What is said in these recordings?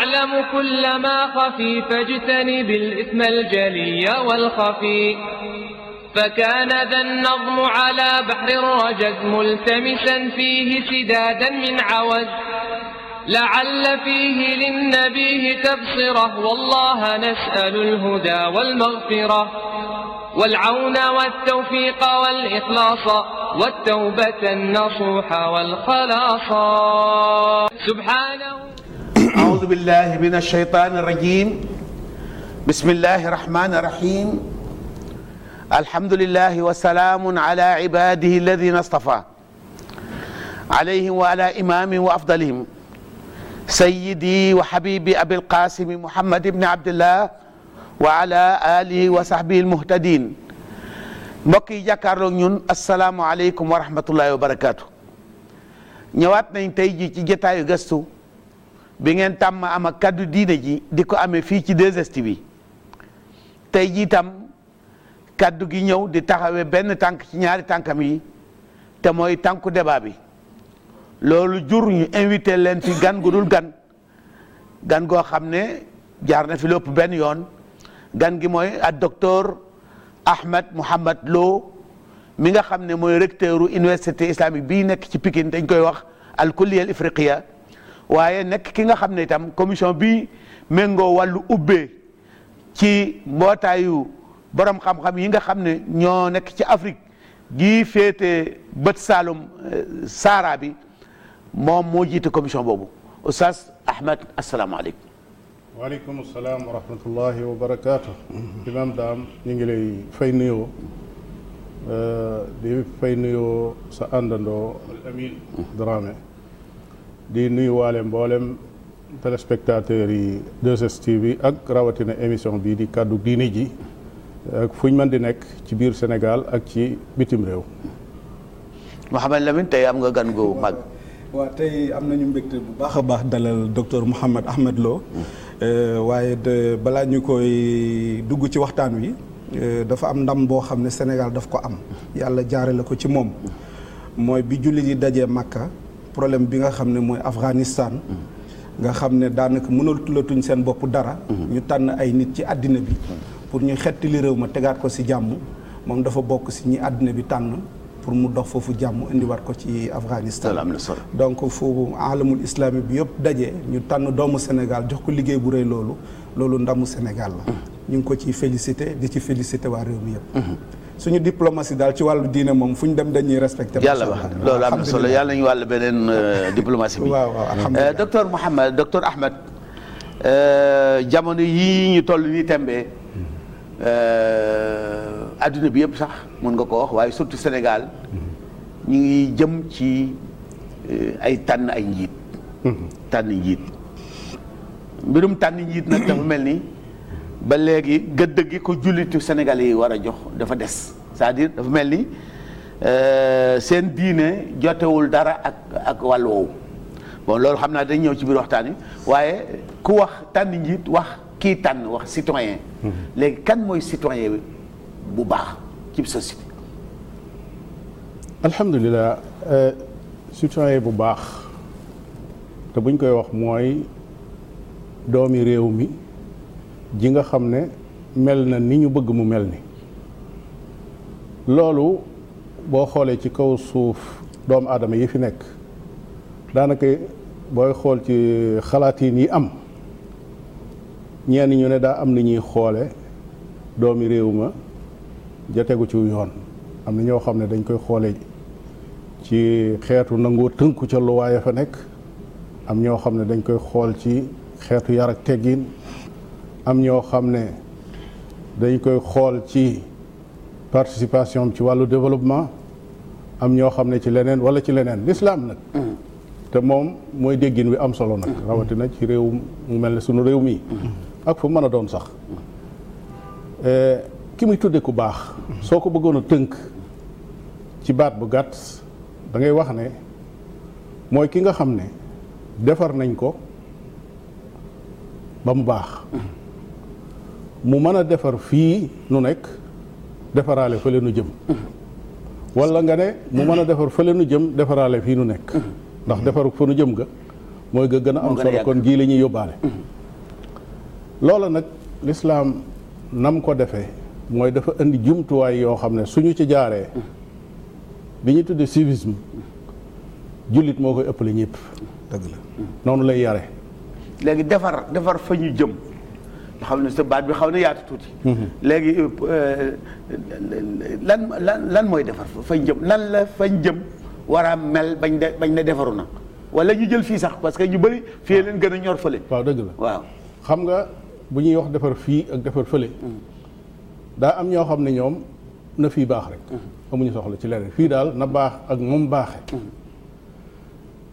يعلم كل ما خفي فاجتنب الإثم الجلي والخفي فكان ذا النظم على بحر الرجز ملتمسا فيه سدادا من عوز لعل فيه للنبيه تبصره والله نسأل الهدى والمغفرة والعون والتوفيق والإخلاص والتوبة النصوح والخلاص سبحانه أعوذ بالله من الشيطان الرجيم بسم الله الرحمن الرحيم الحمد لله وسلام على عباده الذين اصطفى عليهم وعلى إمامهم وأفضلهم سيدي وحبيبي أبي القاسم محمد بن عبد الله وعلى آله وصحبه المهتدين mbokk yi jàkkaarloog ñun asalaamaaleykum wa rahmatullahi wa barakaatu ñëwaat nañ tey ji ci jotaayu gëstu bi ngeen tàmm am ak kaddu diine ji di ko amee fii ci 2STV bi tey jii tam kàddu gi ñëw di taxawe benn tànk ci ñaari tànkam yi te mooy tànku débat bi loolu jur ñu invité leen fi gan gu gan gan goo xam ne jaar na fi lépp benn yoon gan gi mooy ak docteur Ahmed Mouhamed loo mi nga xam ne mooy recteuru université islamique bii nekk ci Pikine dañ koy wax al kulliya waaye nekk ki nga xam ne itam commission bi méngoo wàllu ubbee ci mbootaayu borom xam-xam yi nga xam ne ñoo nekk ci Afrique gi féete bët Saalum eh, Saara bi moom moo jiite commission boobu Oustaz Ahmed asalaamaaleykum. waaleykum salaam wa rahmatullahi wa barakaatu. imaam daam ñu ngi lay fay nuyoo eh, nuyoo sa àndandoo. al Amin di waale mboolem téléspectateurs yi 2STV ak rawatina émission bii di kàddu diine ji ak fu ñu mën di nekk ci biir Sénégal ak ci bitim réew. Mouhamed Lamine tey am nga gan gu mag. waaw tey am nañu mbégte bu baax a baax dalal docteur Mouhamed Ahmed Lo. Euh, waaye de balaa ñu koy dugg ci waxtaan wi. Euh, dafa am ndam boo xam ne Sénégal daf ko am. yàlla jaare la ko ci moom. mooy bi jullit yi dajee Makka. problème bi nga xam ne mooy Afghanistan. nga xam ne daanaka mënatulatuñ seen bopp dara. Mhm. ñu tànn ay nit ci àddina bi. pour ñu xettali réew ma tegaat ko si jàmm moom dafa bokk si ñi àddina bi tànn pour mu dox foofu jàmm indiwaat ko ci Afghanistan. am na solo donc foofu alamul islami bi yëpp daje ñu tànn doomu Sénégal jox ko liggéey bu rëy loolu loolu ndamu Sénégal la. Mhm. ñu ngi ko ci félicité di ci félicité waa réew mi yëpp. Mhm. suñu diplomatie daal ci wàllu diine moom fu ñu dem dañuy respecté. yàlla ba loolu am na solo yàlla ñu wàll beneen euh, diplomatie bi. waaw waaw alhamdulilah euh, docteur Mouhamed docteur Ahmed euh, jamono yii ñu toll nii tembe adduna bi yëpp sax mën nga ko wax waaye surtout Sénégal ñu ngi jëm ci ay tànn ay njiit. Mm-hmm. tànn njiit mbirum tànn njiit nag dafa mel ni. ba léegi gëdd gi ko jullitu Sénégalais yi war a jox dafa des cest à dafa mel ni euh, seen diine jotewul dara ak ak wàll bon loolu xam naa dañ ñëw ci biir waxtaan wi waaye ku wax tànn njiit wax kii tànn wax citoyen mhm. léegi kan mooy citoyen bu baax ci société. alhamdulilah euh, citoyen bu baax te buñ koy wax mooy doomi réew mi. ji nga xam ne mel na ni ñu bëgg mu mel ni loolu boo xoolee ci kaw suuf doomu aadama yi fi nekk daanaka booy xool ci xalaatiin yi am ñenn ñu ne daa am ni ñuy xoole doomi réew ma ja tegu ci yoon am na ñoo xam ne dañ koy xoole ci xeetu nangoo tënku ca luwaaya fa nekk am ñoo xam ne dañ koy xool ci xeetu yar ak teggiin am ñoo xam ne dañ koy xool ci participation ci wàllu développement am ñoo xam ne ci leneen wala ci leneen lislaam nag mm. te moom mooy déggin wi am solo nag mm. rawatina ci réew mu mel ni sunu réew mii mm. ak fu mën a doon sax eh, ki muy tudde ku baax soo ko bëggoon tënk ci baat bu gàtt da ngay wax ne mooy ki nga xam ne defar nañ ko ba mu baax mu mën a defar fii nu nekk defaraale fële nu jëm wala nga ne mu mën a defar fële nu jëm defaraale fii nu nekk ndax defaru fa nu jëm ga mooy ga gën a am solo kon gii lañuy ñuy yóbbaale loola nag lislaam nam ko defee mooy dafa indi jumtuwaay yoo xam ne suñu ci jaaree bi ñu tuddee civisme jullit moo koy ëppale ñëpp dëgg la noonu lay yare léegi defar defar fa ñu jëm xam ne sa baat bi xaw na yaatu tuuti. Mm-hmm. léegi euh, euh, lan lan lan mooy defar fañ jëm lan la fañ jëm war a mel bañ de bañ ne defaru na wala ñu jël fii sax parce que ñu bëri fii leen gën a ñor fële. waaw dëgg la waaw. xam nga bu ñuy wax defar fii ak defar fële. Mm-hmm. daa am ñoo xam ne ñoom na fii baax rek. Mm-hmm. amuñu soxla ci leneen fii daal na baax ak moom baaxe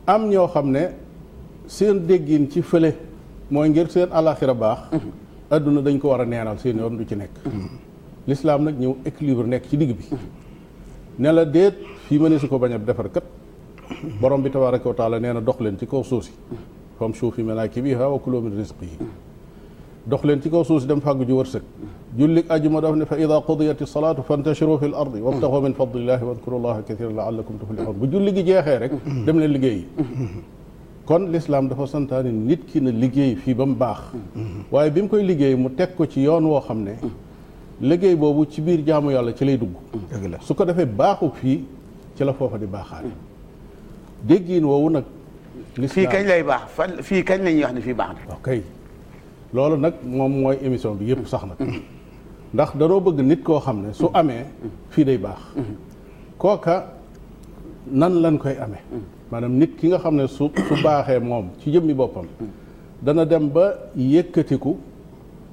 am ñoo xam ne seen déggin ci fële mooy ngir seen alaxira baax. adduna dañ ko war a neenal seen yoon du ci nekk l'islam nag ñëw équilibre nekk ci digg bi ne la déet fii ma ne ko bañ a defar kat borom bi tabaaraka wa taala nee na dox leen ci kaw suuf si famshuu fii manaakibihaa wa kuluu min rizqihi dox leen ci kaw suuf si dem fàggu ji wërsëg jullig ajuma daf ne fa ida qudiyat salaatu fantashiru fi l ardi wabtaxu min fadlillahi wadkuru llaha kathiran laallakum tuflixuun bu julli gi jeexee rek dem leen liggéey kon lislaam dafa santaane nit ki na liggéey fii ba mu baax waaye bi mu koy liggéey mu teg ko ci yoon woo xam ne liggéey boobu ci biir jaamu yàlla ci lay dugg su ko defee baaxu fii ci la foofa di baaxaale déggiin woowu nag fii kañ lay baax fan fii kañ la ñuy wax ne fii baax na ok loolu nag moom mooy émission bi yëpp sax nag bëgg nit koo xam ne su amee fii day baax kooka nan lañ koy amee maanaam nit ki nga xam ne su su baaxee moom ci jëmmi boppam dana dem ba yëkkatiku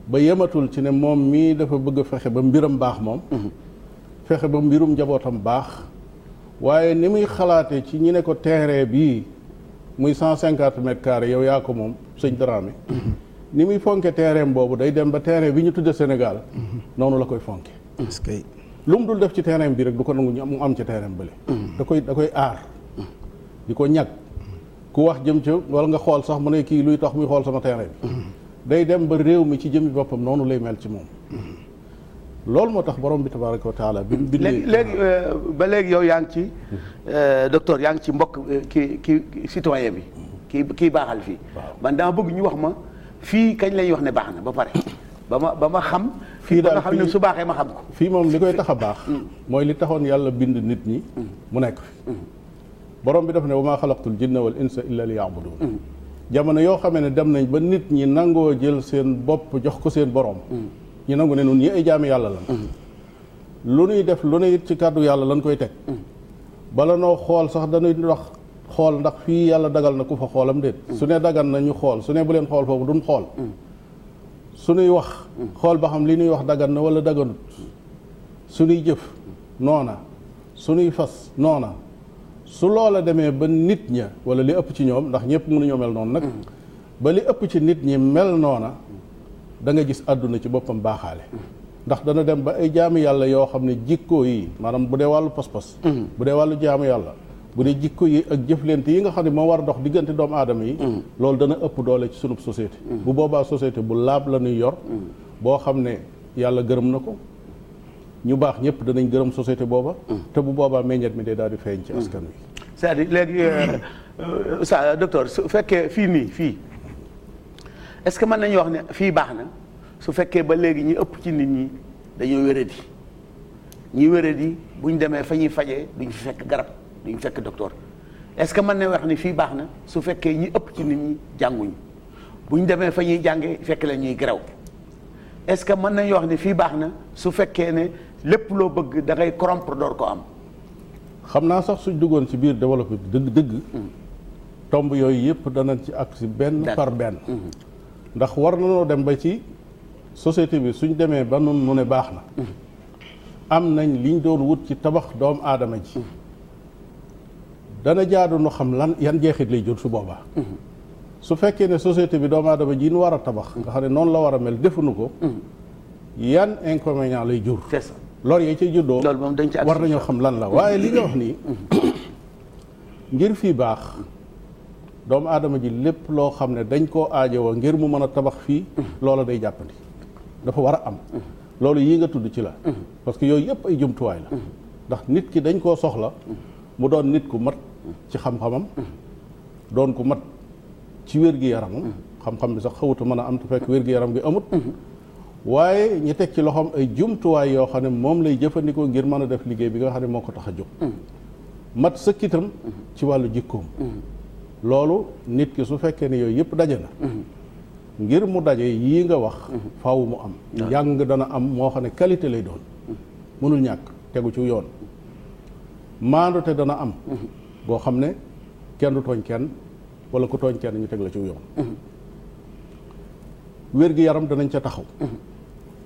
ba yematul ci ne moom mii dafa bëgg a fexe ba mbiram baax moom mhm. fexe ba mbirum njabootam baax waaye ni muy xalaate ci ñu ne ko terrain bii muy cent cinquante mètres carrés yow yaa ko moom sëñ Dramé mhm. ni muy fonke terrain boobu day dem ba terrain bi ñu tudde Sénégal mhm. noonu la koy fonke lu mu dul def ci terrain bi rek du ko nangu mu am ci terrain bële da koy da koy aar li ko ñag ku wax jëm ca wala nga xool sax mu ne kii luy tax muy xool sama terrain bi day dem ba réew mi ci jëmmi boppam noonu lay mel ci moom loolu moo tax borom bi tabaraka wa taala bi mu bindee léegi euh, ba léegi yow yaa ngi ci euh, docteur yaa ngi ci mbokk euh, ki ki citoyen bi kii kii baaxal fii man dama bëgg ñu wax ma fii kañ la wax ne baax na ba pare ba ma ba ma xam fii daal xam ne su baaxee ma xam ko fii moom li koy tax a baax mm. mooy li taxoon yàlla bind nit ñi mm. mu nekk borom bi daf ne wa maa xalaqtul jinna wal insa illa li yaabuduun mm. jamono yoo xamee ne dem nañ ba nit ñi nangoo jël seen bopp jox ko seen borom mm. ñu nangu ne nun ñi ay jaami yàlla lan mm. lu nuy def lu ne it ci kàddu yàlla lan koy teg bala noo xool sax dañuy wax xool ndax fii yàlla dagal na ku fa xoolam déet su ne dagan na ñu xool su ne bu leen xool foofu duñ xool su nuy wax xool ba xam li nuy wax dagan na wala daganut su nuy jëf noona su nuy fas noona su loola demee ba nit ña wala li ëpp ci ñoom ndax ñëpp mënuñoo mel noonu nag ba li ëpp ci nit ñi mel noona da nga gis àdduna ci boppam baaxaale ndax dana dem ba ay jaamu yàlla yoo xam ne jikko yi maanaam bu dee wàllu pas-pas bu dee wàllu jaamu yàlla bu dee jikko yi ak jëflante yi nga xam ne moo war dox diggante doomu aadama yi loolu dana ëpp doole ci sunub société bu boobaa société bu laab la ñuy yor boo xam ne yàlla gërëm na ko ñu baax ñëpp danañ gërëm société booba te bu boobaa meññet mi day daal di feeñ ci askan wi c'est-à-dire léegi sa euh, euh, docteur su fekkee fii nii fii est-ce que mën nañu wax ne fii baax na su fekkee ba léegi ñu ëpp ci nit ñi dañoo wéradi ñi wéradi bu ñu demee fa ñuy fajee duñ fi fekk garab duñ fekk docteur est-ce que mën na wax ni fii baax na su fekkee ñi ëpp ci nit ñi jànguñu bu ñu demee fa ñuy jàngee fekk la ñuy garaw est-ce que mën nañu wax ni fii baax na su fekkee ne lépp loo bëgg dangay ngay corrompre door ko am xam naa sax suñ duggoon ci biir développé bi dëgg dëgg hmm. tomb yooyu yëpp danañ ci ak si benn par benn hmm. ndax war nanoo dem ba ci société bi suñ demee ba nun nu ne baax na hmm. am nañ liñ doon wut ci tabax doomu aadama ji dana jaadu nu xam lan yan jeexit lay jur su boobaa su fekkee ne société bi doomu aadama ji nu war a tabax nga xam ne noonu la war a mel defuñu ko yan inconvénient lay jur c'est lor yi ci juddoo war nañoo xam lan la waaye li nga wax nii ngir fii baax doomu aadama ji lépp loo xam ne dañ koo aajowoo ngir mu mën a tabax fii loolu day jàppandi dafa war a am loolu yii nga tudd ci la parce que yooyu yëpp ay jumtuwaay la ndax nit ki dañ koo soxla mu doon nit ku mat ci xam-xamam doon ku mat ci wér-gi-yaramam xam-xam bi sax xawuta mën a am te fekk wér-gi-yaram gi amut waaye ñu teg ci loxoom ay jumtuwaay yoo xam ne moom lay jëfandikoo ngir mën a def liggéey bi nga xam ne moo ko tax a jóg mm. mat sëkk mm. ci wàllu jikkoom mm. loolu nit ki su fekkee ne yooyu yëpp daje na ngir mu daje yii nga wax faaw mu am jàng njàng dana am moo xam ne qualité lay doon mënul ñàkk tegu ci yoon maandute dana am boo xam ne kenn tooñ kenn wala ku tooñ kenn ñu teg la ci yoon wér gi yaram danañ ca taxaw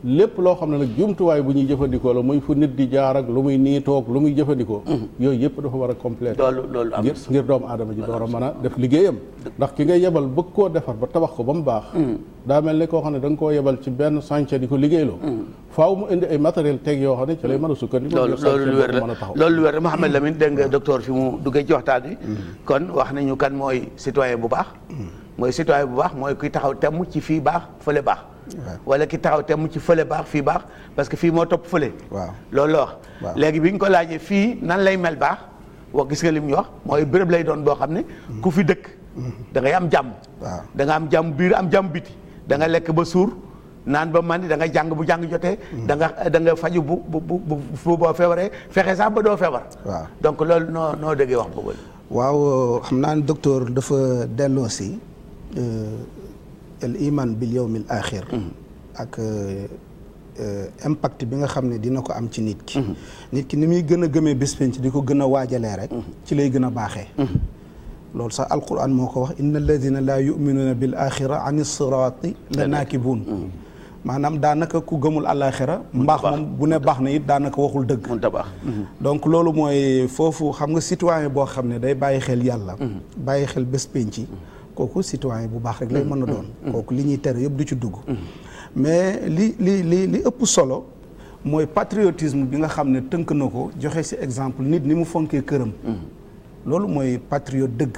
lépp loo xam ne nag jumtuwaay bu ñuy jëfandikoo la muy fu nit di jaar ak lu muy niitoog lu muy jëfandikoo mhm. yooyu yëpp dafa war a complété ngir ngir doomu aadama ji door a man a def liggéeyam ndax ki nga yebal bëgg koo defar ba tabax ko ba mu baax mhm. daa mel ne koo xam ne danga koo yebal ci benn chantier di ko liggéeyloo mhm. faaw mu indi ay matériel teg yoo xam ne ci lay mën a sukkandiku loolu lu wér la loolu lu wér la Mouhamed Lamine dégg nga docteur fi mu duggee ci waxtaan wi kon wax nañu kan mooy citoyen bu baax mooy citoyen bu baax mooy kuy taxaw temm ci fii baax fële baax. wala ki taxaw temm ci fële baax fii baax parce que fii moo topp fële. waaw loolu la wax. léegi bi ñu ko laajee fii nan lay mel baax. wax gis nga li mu ñu wax mooy béréb lay doon boo xam ne. Mm. ku fi dëkk. Mm. da ngay am jàmm. da nga am jàmm biir am jàmm biti. da nga lekk ba suur naan ba mandi da nga jàng bu jàng jotee. Mm. da nga da nga faju bu bu bu bu boo feebaree fexe sax ba doo feebar. waaw donc loolu noo noo déggee wax boobu la. waaw xam naan ne docteur dafa delloo si. Euh, al iman bil yawmil axir mm-hmm. ak euh, euh, impact bi nga xam ne dina ko am ci mm-hmm. nit ki ni muy gën a gëmee bés penc di ko gën a waajalee rek mm-hmm. ci lay gën a baaxee loolu sax alquran moo ko wax inna alladina laa yuminuuna bil axira an siraati la naakibuun maanaam daanaka ku gëmul àllaaxira mbaax moom bu ne baax na it daanaka waxul dëgg donc loolu mooy foofu xam nga citoyen boo xam ne day bàyyi xel yàlla bàyyi xel bés kooku citoyen bu baax rek lay mën a doon. Mm-hmm. Mm-hmm. kooku li ñuy tere yëpp du ci dugg. mais li li li li ëpp solo mooy patriotisme bi nga xam ne tënk na ko joxe si exemple nit ni mu fonkee këram. Mm-hmm. loolu mooy patriote dëgg.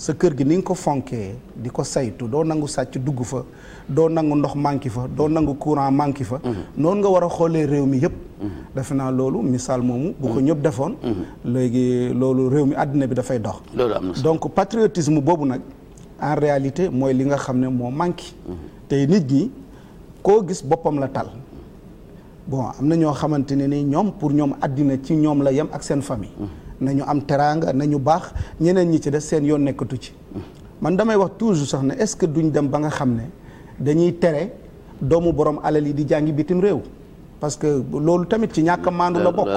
sa kër gi ni nga ko fonkee di ko saytu doo nangu sàcc dugg fa doo nangu ndox manqué fa doo nangu courant manqué fa noonu nga war a xoolee réew mi yëpp def naa loolu misaal moomu bu ko ñëpp defoon léegi loolu réew mi àddina bi dafay dox donc patriotisme nag en réalité mooy li nga xam ne moo manqué. tey nit ñi koo gis boppam la tal. bon am na ñoo xamante ne ni ñoom pour ñoom àddina ci ñoom la yem ak seen famille. nañu am teraanga ñu baax ñeneen ñi ci def seen yoon nekkatu ci. man damay wax toujours sax ne est-ce que duñ dem ba nga xam ne dañuy tere doomu borom alal yi di jàngi bitim réew. parce que loolu tamit ci ñàkk a maandu la bokk.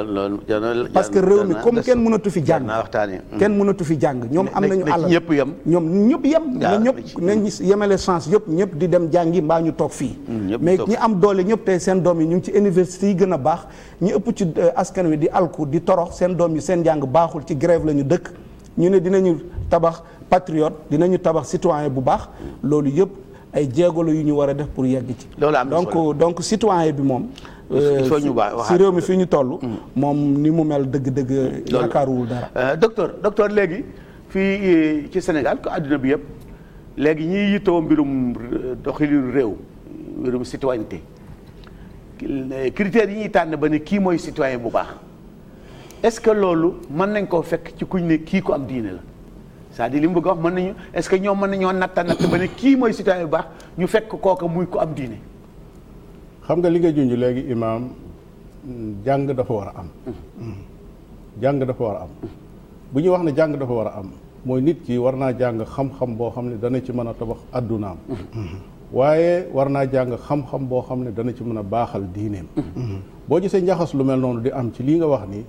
parce que réew mi comme kenn mënatu fi jàng. Mm. kenn mënatu fi jàng ñoom am nañu. àll ñëpp yem ñoom ñëpp yem. na ñëpp nañ yemale chance yëpp ñëpp di dem jàngi mbaa ñu toog fii. Mm, mais ñi am doole ñëpp tey seen doom yi ñu ci université yi gën a baax ñi ëpp ci euh, askan wi di alku di torox seen doom yi seen jàng baaxul ci grève la ñu dëkk ñu ne dinañu tabax patriote dinañu tabax citoyen bu baax loolu yëpp ay jéego yu ñu war a def pour yegg ci. donc donc citoyen bi moom Euh, il faut ñu baax si réew mi fii ñu toll. Mm. moom ni mu mel dëgg-dëgg. yaakaaruwul dara. Euh, docteur docteur léegi fii euh, ci Sénégal ko àdduna bi yëpp léegi ñiy yittoo mbirum doxalinu réew mbirum citoyenneté critères yi ñuy tànn ba ne kii mooy citoyen bu est-ce que loolu mën nañ koo fekk ci kuñ kii ko am diine la. c'est-à-dire li mu bëgg wax mën nañu est-ce que ñoom mën nañoo natta natt ba ne kii mooy citoyen bu baax ñu fekk kooka muy ko am diine. xam nga li nga junj léegi imaam jàng dafa war a am. jàng dafa war a am. bu ñu wax ne jàng dafa war a am mooy nit ki war naa jàng xam-xam boo xam ne dana ci mën a tabax addunaam. war naa jàng xam boo xam ne dana ci mën a baaxal diineem. boo gisee njaxas lu mel noonu di am ci lii nga wax nii.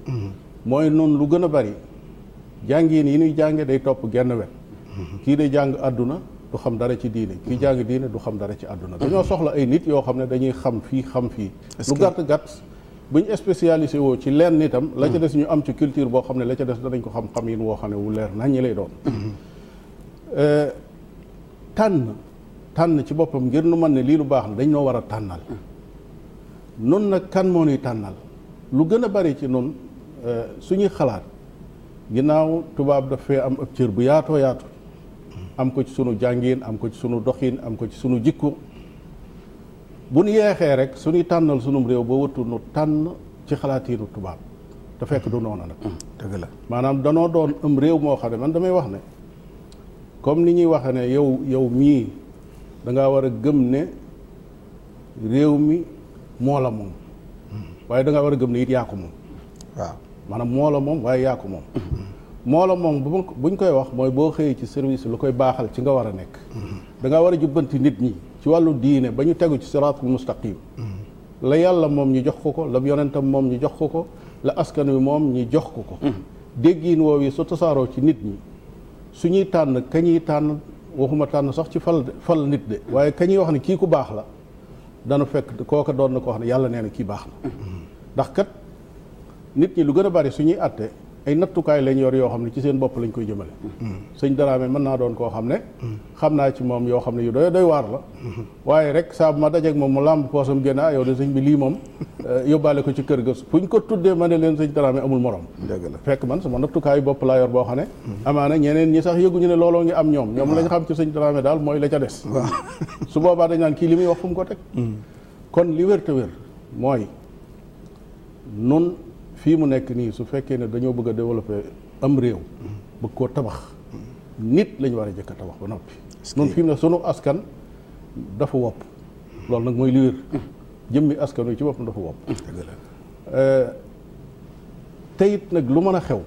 mooy noonu lu gën a bari jàngiin yi nuy jànge day topp genn wet. kii day jàng adduna. du xam dara ci diine kii jàng diine du xam dara ci àdduna dañoo soxla ay nit yoo xam ne dañuy xam fii xam fii lu gàtt gàtt bu ñu spécialisé woo ci lenn itam la ca des ñu am ci culture boo xam ne la ca des danañ ko xam xam yin woo xam ne wu leer naññi lay doon mm-hmm. euh, tànn tànn ci boppam ngir nu mën ne lii lu baax la dañ noo war a tànnal noonu mm-hmm. nag kan moo nuy tànnal lu gën a bari ci noonu euh, suñuy xalaat ginnaaw tubaab daf fee am ab cër bu yaatoo yaatu am ko ci sunu jàngin am ko ci sunu doxin am ko ci sunu jikku bu nu yeexee rek suñuy tànnal sunum réew boo wëttu nu tànn ci xalaatiinu tubaab te fekk du noona nag mm-hmm. dëgg la maanaam danoo doon am réew moo xam ne man damay wax ne comme ni ñuy waxe ne yow yow mii dangaa war a gëm ne réew mi moo la moom mm-hmm. waaye dangaa war a gëm ne it yaa ko moom waaw maanaam moo la moom waaye yaa ko moom mm-hmm. moo la moom bu ñu koy wax mooy boo xëyee ci service lu koy baaxal ci nga war a nekk da nga war a jubbanti nit ñi ci wàllu diine ba ñu tegu ci siraatul mustaqim la yàlla moom ñu jox ko ko la yonentam moom ñu jox ko ko la askan wi moom ñu jox ko ko déggiin woow yi su tasaaroo ci nit ñi su ñuy tànn ka ñuy tànn waxuma tànn sax ci fal fal nit de waaye ka ñuy wax ne kii ku baax la dana fekk kooka doon na ko wax ne yàlla nee na kii baax na ndax kat nit ñi lu gën a bari su ñuy ay nattukaay lañ yor yoo xam ne ci seen bopp lañ koy jëmale sëñ Dramé mën naa doon koo xam ne xam naa ci moom yoo xam ne yu doy waar la waaye rek saa bu ma dajeeg moom mu làmb poosam génn ah yow de sëñ bi lii moom eh, yóbbaale ko ci kër ga fuñ ko tuddee ma ne leen sëñ Dramé amul morom fekk man sama nattukaayu bopp laa yor boo xam ne amaana ñeneen ñi sax yëguñu ne looloo am ñoom ñoom lañ xam ci sañ Dramé daal mooy la ca des su boobaa dañ naan kii li muy wax fu mu ko teg mm. kon li wér te wér mooy nun fii mu nekk nii su fekkee ne dañoo bëgg a am réew bëgg koo tabax nit lañu ñu war a jëkk a tabax ba noppi noonu fii mu ne sunu askan dafa wopp loolu nag mooy li wér jëmmi askan wi ci boppam dafa wopp eh, te it nag lu mën a xew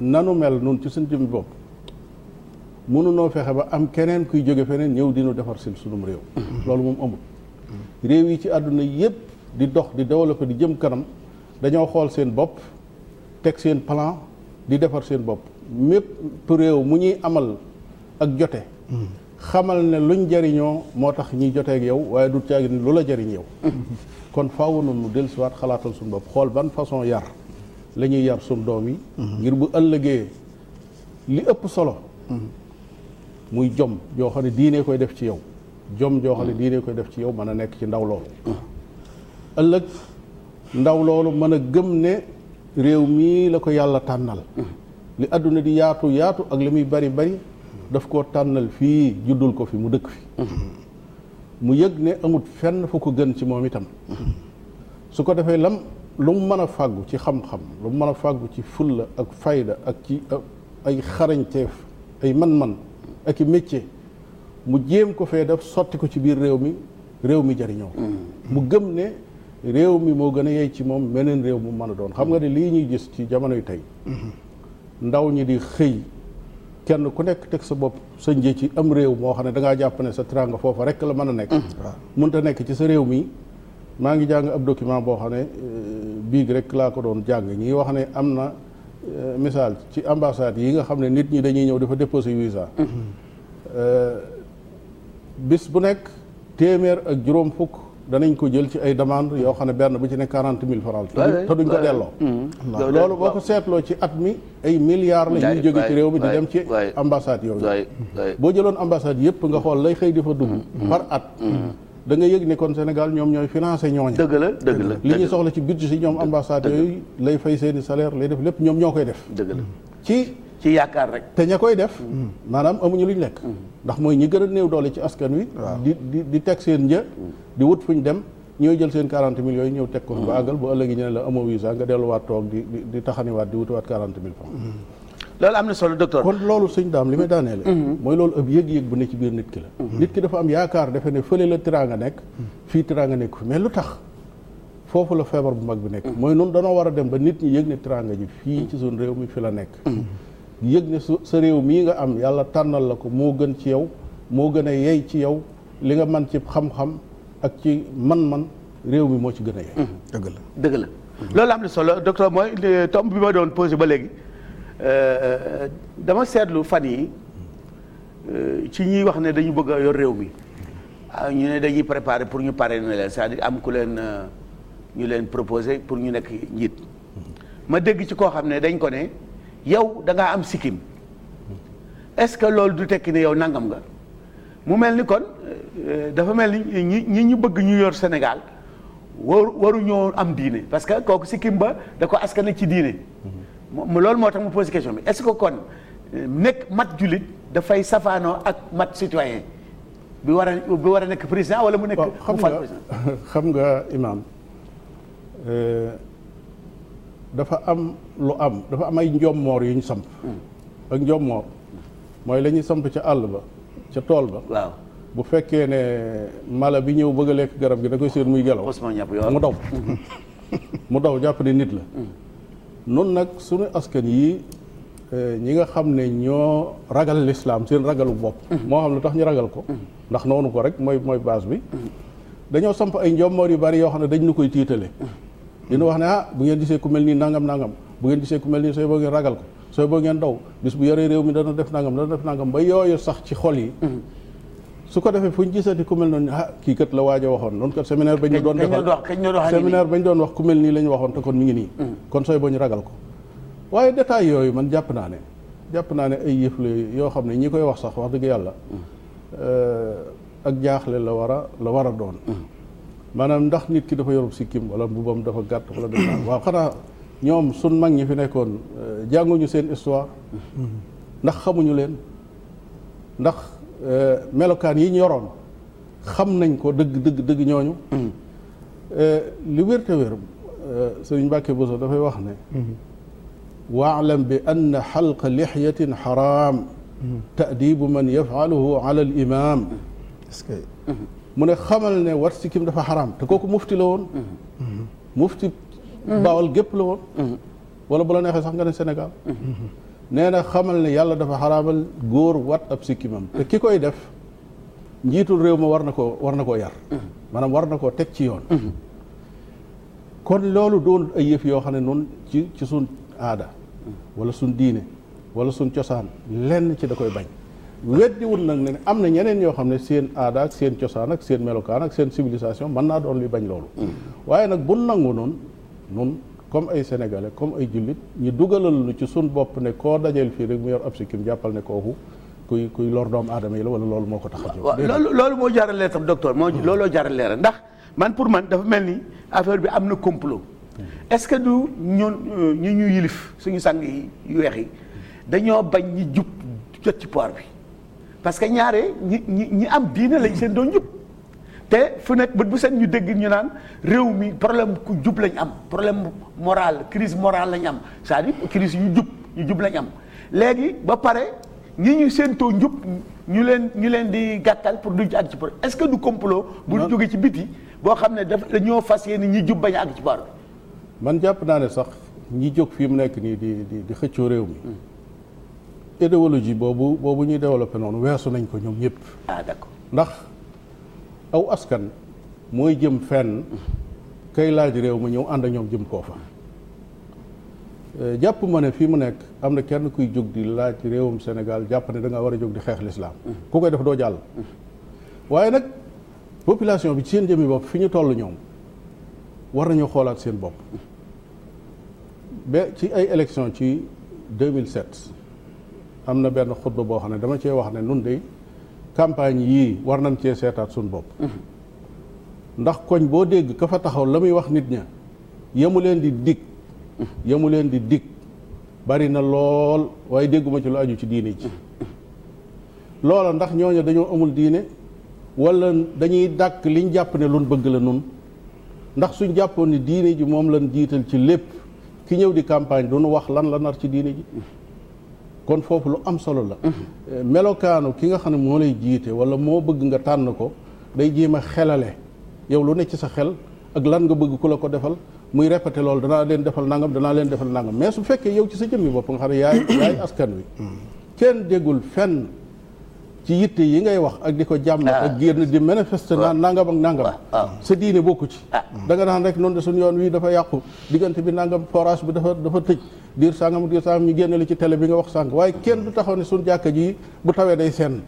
nanu mel noonu ci suñ jëmmi bopp mënunoo fexe ba am keneen kuy jóge feneen ñëw dinu defar sil sunum réew mm-hmm. loolu moom amul réew yi ci àdduna yépp di dox di développé di jëm kanam dañoo xool seen bopp teg seen plan di defar seen bopp mépp réew mu ñuy amal ak jote xamal ne luñ jariñoo moo tax ñuy joteeg yow waaye du caagi ni lu la jariñ yow kon faaw na nu dellusiwaat xalaatal suñ bopp xool ban façon yar la ñuy yar suñ doom yi mm-hmm. ngir bu ëllëgee li ëpp solo mm-hmm. muy jom joo xam ne diine koy def ci yow jom joo xam ne mm-hmm. diine koy def ci yow mën a nekk ci ndaw loolu ëllëg ndaw loolu mën a gëm ne réew mii la ko yàlla tànnal mm-hmm. li àdduna di yaatu yaatu ak li muy bari bari daf koo tànnal fii juddul ko fi mu dëkk fi mm-hmm. mu yëg ne amut fenn fu ko gën ci moom itam mm-hmm. su ko defee lam lu mu mën a fàggu ci xam-xam lu mu mën a fàggu ci fulla ak fayda ak ci uh, ay xarañteef ay man-man ak i métier mu jéem ko fee def sotti ko ci biir réew mi réew mi jariñoo mu gëm ne réew mi moo gën a yey ci moom meneen réew mu mën a doon xam nga ne lii ñuy gis ci jamonoy tey ndaw ñi di xëy kenn ku nekk teg sa bopp sa njëy ci am réew moo xam ne dangaa ngaa jàpp ne sa teraanga foofa rek la mën a nekk mënta mm-hmm. nekk ci sa réew mi maa ngi jàng ab document boo xam ne eh, biig rek laa ko doon jàng ñi wax ne am na eh, misaal ci ambassade yi nga xam ne nit ñi dañuy ñëw dafa déposé visa mm-hmm. eh, bis bu nekk téeméer ak juróom fukk danañ ko jël ci ay demande yoo xam ne benn bu ci ne quarante mille francs te duñ ko delloo hmm. Hmm. loolu boo ko seetloo ci at mi ay milliards la ñuy jóge ci réew mi di dem ci ambassade yooyu boo jëloon ambassade yëpp nga xool lay xëy di fa dugg hmm. par at da yëg ni kon Sénégal ñoom ñooy financé ñooñu. dëgg la dëgg la li ñuy soxla ci budget si ñoom ambassade yooyu lay fay seeni salaire lay def lépp ñoom ñoo koy def dëgg ci ci yaakaar rek. te ña koy def. maanaam amuñu luñ lekk. ndax mooy ñi gën a néew doole ci askan wi. di di di teg seen një. di wut fu ñu dem ñooy jël seen quarante mille yooyu ñëw teg ko. ba àggal bu ëllëgee ñu ne la amoo visa nga delluwaat toog di di di taxaniwaat di wutiwaat quarante mille francs. loolu am na solo docteur. kon loolu sëñ daam li may daaneele. Mhm. mooy loolu ab yëg-yëg bu ne ci biir nit ki la. Mhm. nit ki dafa am yaakaar defe ne fële la tiraanga nekk. Mhm. fii tiraanga nekk fi mais lu tax. foofu la feebar bu mag bi nekk. mooy noonu danoo war a dem ba nit ñi yëg ne tiraanga ji fii ci réew mi fi la nekk. yëg ne sa réew mii nga am yàlla tànnal la ko moo gën ci yow moo gën a yey ci yow li nga man ci xam-xam ak ci man-man réew mi moo ci gën a yey dëgg la dëgg la loolu am na solo docteur mooy tomb bi ma doon posé ba léegi euh, euh, dama seetlu fan yi euh, ci ñuy wax ne dañu bëgg a yor réew mi ah, ñu ne dañuy préparer pour ñu pare parrainer leen cest à am ku leen ñu leen proposé pour ñu nekk njiit ma dégg ci koo xam ne dañ ko ne yow da ngaa am sikkim est-ce que loolu du tekki ne yow nangam nga mu mel ni kon euh, dafa mel ni ñi ñi ñu bëgg ñu yor Sénégal waru waruñoo am diine parce que kooku sikkim ba da ko askane ci diine. mu loolu moo tax mu posé question bi est-ce que kon euh, nekk mat jullit dafay safaanoo ak mat citoyen bi war a bi war a nekk président wala mu nekk. mu fal président xam nga xam nga imam. Euh, dafa am lu am dafa am ay njommoor yu ñu samp hmm. ak njommoor mooy la ñuy samp ca àll ba ca tool ba waaw bu fekkee ne mala bi ñëw bëgg a lekk garab gi da koy séen muy gelaw mu daw mu daw jàpp ne nit la noonu hmm. nag suñu askan yi eh, ñi nga xam ne ñoo ragal lislaam seen ragalu bopp hmm. moo xam lu tax ñu ragal ko ndax noonu ko rek mooy mooy base bi dañoo samp ay njommoor yu bari yoo xam ne dañ nu koy tiitale dina wax ne ah bu ngeen gisee ku mel nii nangam nangam bu ngeen gisee ku mel nii sooy boo ngeen ragal ko sooy boo ngeen daw bis bu yoree réew mi dana def nangam dana def nangam ba yooyu sax ci xol yi mm-hmm. su ko defee fu ñu gisati ku mel noonu ah kii kat la waajo waxoon noonu kat séminaire bañ ñu doon defal séminaire bañ doon wax ku mel nii la waxoon te kon mi ngi nii mm-hmm. kon sooy boo ñu ragal ko waaye détail yooyu man jàpp naa ne jàpp naa ne ay yëf yoo xam ne ñii koy wax sax wax dëgg yàlla mm-hmm. euh, ak jaaxle la war a la war a doon maanaam ndax nit ki dafa yorub sikkim wala mbubam dafa gàtt wala dafa waa xanaa ñoom suñ mag ñi fi nekkoon euh, jànguñu seen histoire ndax xamuñu leen ndax euh, melokaan yi ñu yoroon xam nañ ko dëgg dëgg dëgg ñooñu euh, li wér te wér sëriñ Mbàkke dafay wax ne waalam bi ann xalqa lixyatin xaraam mm-hmm. taadibu man yafaluhu ala al mu ne xamal ne wat sikkim dafa xaraam te kooku mufti la woon mufti bawal gépp la woon wala bu la neexee sax nga ne Sénégal nee na xamal ne yàlla dafa xaraamal góor wat ab sikkimam te ki koy def njiitul réew ma war na koo war na koo yar maanaam war na koo teg ci yoon kon loolu doon ay yëf yoo xam ne noonu ci ci suñ aada wala suñ diine wala suñ cosaan lenn ci da koy bañ weddiwul nag ne am na ñeneen ñoo xam ne seen aada ak seen cosaan ak seen melokaan ak seen civilisation man naa doon luy bañ loolu mm. waaye nag bu nangu noonu nun comme ay sénégalais comme ay jullit ñu dugalal lu ci sun bopp ne koo dajal fii rek mu yor ab sikkim jàppal ne kooku kuy kuy lor doomu aadama yi la wala loolu moo ko tax a jóg loolu moo jaral leer tam docteur moo mm. looloo jaral leer ndax man pour man dafa mel ni affaire bi am na complot mm. est-ce que du ñun ñu ñu yilif suñu sang yi weex yi dañoo bañ ñi jub jot ci bi parce que ñaare ñi ñi ñi am diine lañ seen doon jub te fu nekk bët bu seen ñu dégg ñu naan réew mi problème ku jub lañ am problème moral crise morale lañ am c'est-à-dire crise yu jub yu jub lañ am léegi ba pare ñi ñu séentoo njub ñu leen ñu leen di gàttal pour duñ ci àgg ci boor est-ce que du complot bu jógee ci biti boo xam ne daf dañoo fas yéene ñi jub bañ a ci boor bi man jàpp naa ne sax ñi jóg fii mu nekk nii di di di xëccoo réew mi hmm. idéologie boobu boobu ñuy développé noonu weesu nañ ko ñoom ñëpp. ah ndax aw askan mooy jëm fenn kay laaj réew ma ñëw ànd ak ñoom jëm koo fa. Eh, jàpp ma ne fii mu nekk am na kenn kuy jóg di laaj réewum Sénégal jàpp ne da war a jóg di xeex lislaam mm. ku koy def doo jàll. waaye nag population bi ci seen jëmmi bopp fi ñu toll ñoom war nañu xoolaat seen bopp ba ci ay élection ci 2007. am na benn xutba boo xam ne dama cee wax ne nun de campagne yii war nañ cee seetaat suñu bopp ndax koñ boo dégg ka fa taxaw la muy wax nit ña yemu leen di dig yemu leen di dig bari na lool waaye dégguma ci lu aju ci diine ji loola ndax ñooñu dañoo amul diine wala dañuy dàkk liñ jàpp ne luñ bëgg la nun ndax suñ jàppoon ni diine ji moom lañ jiital ci lépp ki ñëw di campagne du nu wax lan la nar ci diine ji kon foofu lu am solo la mm-hmm. euh, melokaanu ki nga xam ne moo lay jiite wala moo bëgg nga tànn ko day jéem a xelale yow lu ne ci sa xel ak lan nga bëgg ku la ko defal muy répété loolu danaa leen defal nangam danaa leen defal nangam mais su fekkee yow ci sa jëmmi bopp nga xam ne yaay askan wi mm-hmm. kenn déggul fenn ci yitte yi ngay wax ak di ko jàmm ah. ak génn di manifester ah. naan nangam ak nangam ah. sa diine bokku ci da nga naan rek noonu de suñu yoon wii dafa yàqu diggante bi nangam forage bi dafa dafa tëj diir sàngam diir sàngam ñu génne la ci tele bi nga wax sànq waaye kenn du taxaw ne suñ jàkka ji bu tawee day seen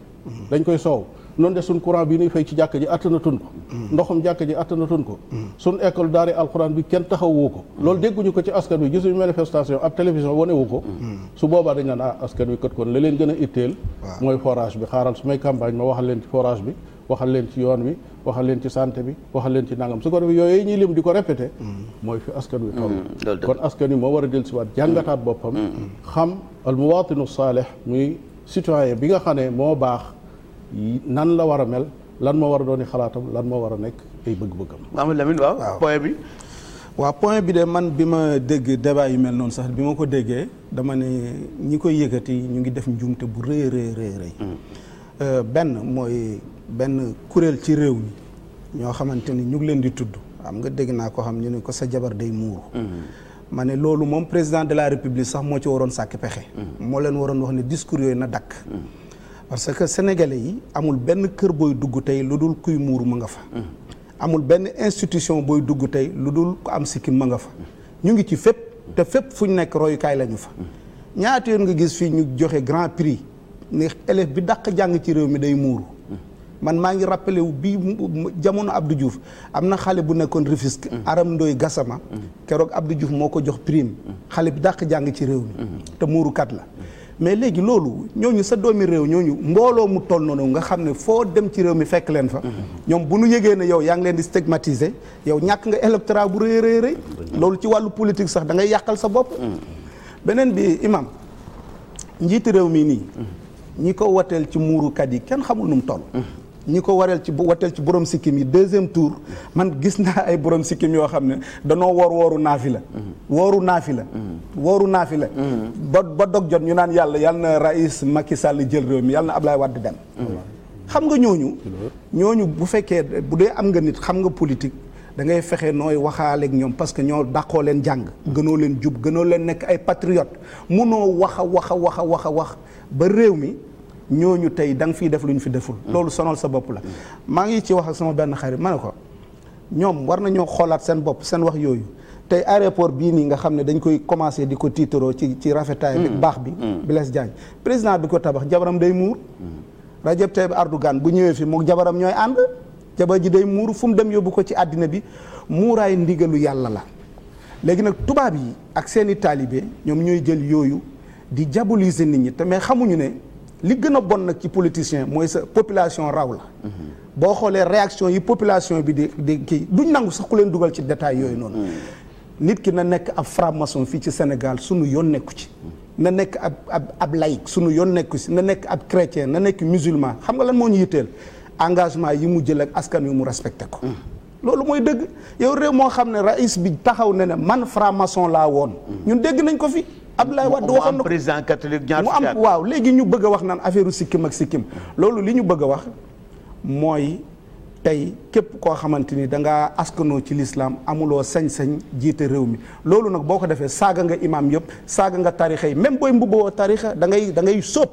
dañ koy soow noonu de suñ courant bi nuy fay ci jàkka ji attanatun ko ndoxum jàkka ji attanatun ko suñ école daari alxuraan bi kenn taxaw wu ko loolu dégguñu ko ci askan wi gisuñu manifestation ab télévision wane wu ko su boobaa dañ naan ah askan wi kat kon la leen gën a itteel mooy forage bi xaaral su may campagne ma waxal leen ci forage bi waxal leen ci yoon wi waxal leen ci santé bi waxal leen ci nangam su ko defee yooyu ñuy lim di ko répété. mooy fi askan wi toll. Mm. kon askan bi moo war a dellusiwaat jàngataat boppam. Mm. xam al muwaatinu saalih muy citoyen bi nga xam ne moo baax nan la war a mel lan moo war a doon xalaatam lan moo war a nekk ay bëgg-bëggam. Mamadou Lamine waaw point bi. waaw point bi de man bi ma dégg débat yu mel noonu sax bi ma ko déggee dama ne ñi koy yëkkati ñu ngi def njuumte bu rëy rëy rëy rëy. Mm. Euh, benn mooy benn kuréel ci réew mi ñoo xamante ni ñu ngi leen di tudd am nga dégg naa ko xam ñu ne ko sa jabar day muuru mm-hmm. ma ne loolu moom président de la république sax moo ci waroon sàkk pexe mm-hmm. moo leen waroon wax ne discours yooyu na dakk mm-hmm. parce que sénégalais yi amul benn kër booy dugg tey lu dul kuy muuru ma nga fa amul benn institution booy dugg tey lu dul ku am sikkim ma nga fa ñu ngi ci fépp te fépp fu ñu nekk royukaay la ñu fa ñaata yoon nga gis fii ñu joxe grand prix ni élève bi dàq jàng ci réew mi day muuru man maa ngi rappelé wu bii jamono Abdou Diouf am na xale bu nekkoon Rufisque. Mm. Aram Ndoy Gassama. Mm. keroog Abdou Diouf moo ko jox prime. Mm. xale bi dàq jàng ci réew mi. te muurukat la. mais léegi loolu ñooñu sa doomi réew ñooñu mbooloo mu toll noonu nga xam ne foo dem ci réew mi fekk leen fa. Mm-hmm. ñoom bu nu yëgee ne yow yaa ngi leen di stigmatiser yow ñàkk nga électorat bu rëy rëy rëy. loolu ci wàllu politique sax da ngay yàqal sa bopp. beneen bi imam njiiti réew mi nii. ñi ko wateel ci muurukat yi kenn xamul nu mu toll. ñi ko wareel ci wateel ci borom sikkim yi deuxième tour man gis naa ay borom sikkim yoo xam ne danoo woor wooru naafi la mm-hmm. wooru naafi la mm-hmm. wooru naafi la mm-hmm. ba ba dog jot ñu naan yàlla yàlla na Raïs Macky Sall jël réew mi yàlla na Ablaye Wade dem xam nga ñooñu ñooñu bu fekkee bu dee am nga nit xam nga politique da ngay fexe nooy waxaale ñoom parce que ñoo dàqoo leen jàng gënoo leen jub gënoo leen nekk ay patriote mënoo wax a wax a wax a wax a wax ba réew mi ñooñu tey da nga fiy def lu ñu fi deful. Mm. loolu sonal sa bopp la. maa ngi ci wax ak sama benn xarit ma ne ko ñoom war nañoo xoolaat seen bopp seen wax yooyu tey aéroport bii nii nga xam ne dañ koy commencé di ko tiitaroo ci ci rafetaay bi mm. baax bi. Mm. Blaise jàng président bi ko tabax jabaram day muur. Rajab Tayyip Erdogan bu ñëwee fi mook jabaram ñooy ànd. jabar ji day muuru fu mu dem yóbbu ko ci àddina bi muuraay ndigalu yàlla la léegi nag tubaab yi ak seeni taalibe ñoom ñooy jël yooyu di diaboliser nit ñi te mais xamuñu ne. li gën a bon nag ci politicien mooy sa population raw la boo xoolee réaction yi population bi di di kii ñu nangu sax ku leen dugal ci détail yooyu noonu mm. nit ki na nekk ab franc fii ci Sénégal sunu yoon nekku ci mm. na nekk ab ab ab laïc sunu yoon nekku ci na nekk ab chrétien na nekk musulman xam nga lan moo ñu yitteel engagement yi mu jël ak askan wi mu respecté ko mm. loolu mooy dëgg yow réew moo xam ne raïs bi taxaw ne ne man franc laa woon ñun dégg nañ ko fi ab Wade waxoon na ko président catholique ñaar mu am waaw léegi ñu bëgg a wax naan affaire sikkim ak sikkim loolu li ñu bëgg a wax mooy tey képp koo xamante ni da ngaa askanoo ci lislaam amuloo sañ-sañ jiite réew mi loolu nag boo ko defee saaga nga imaam yëpp saaga nga tarixa yi même booy mbubboo tarixa da ngay da ngay sóob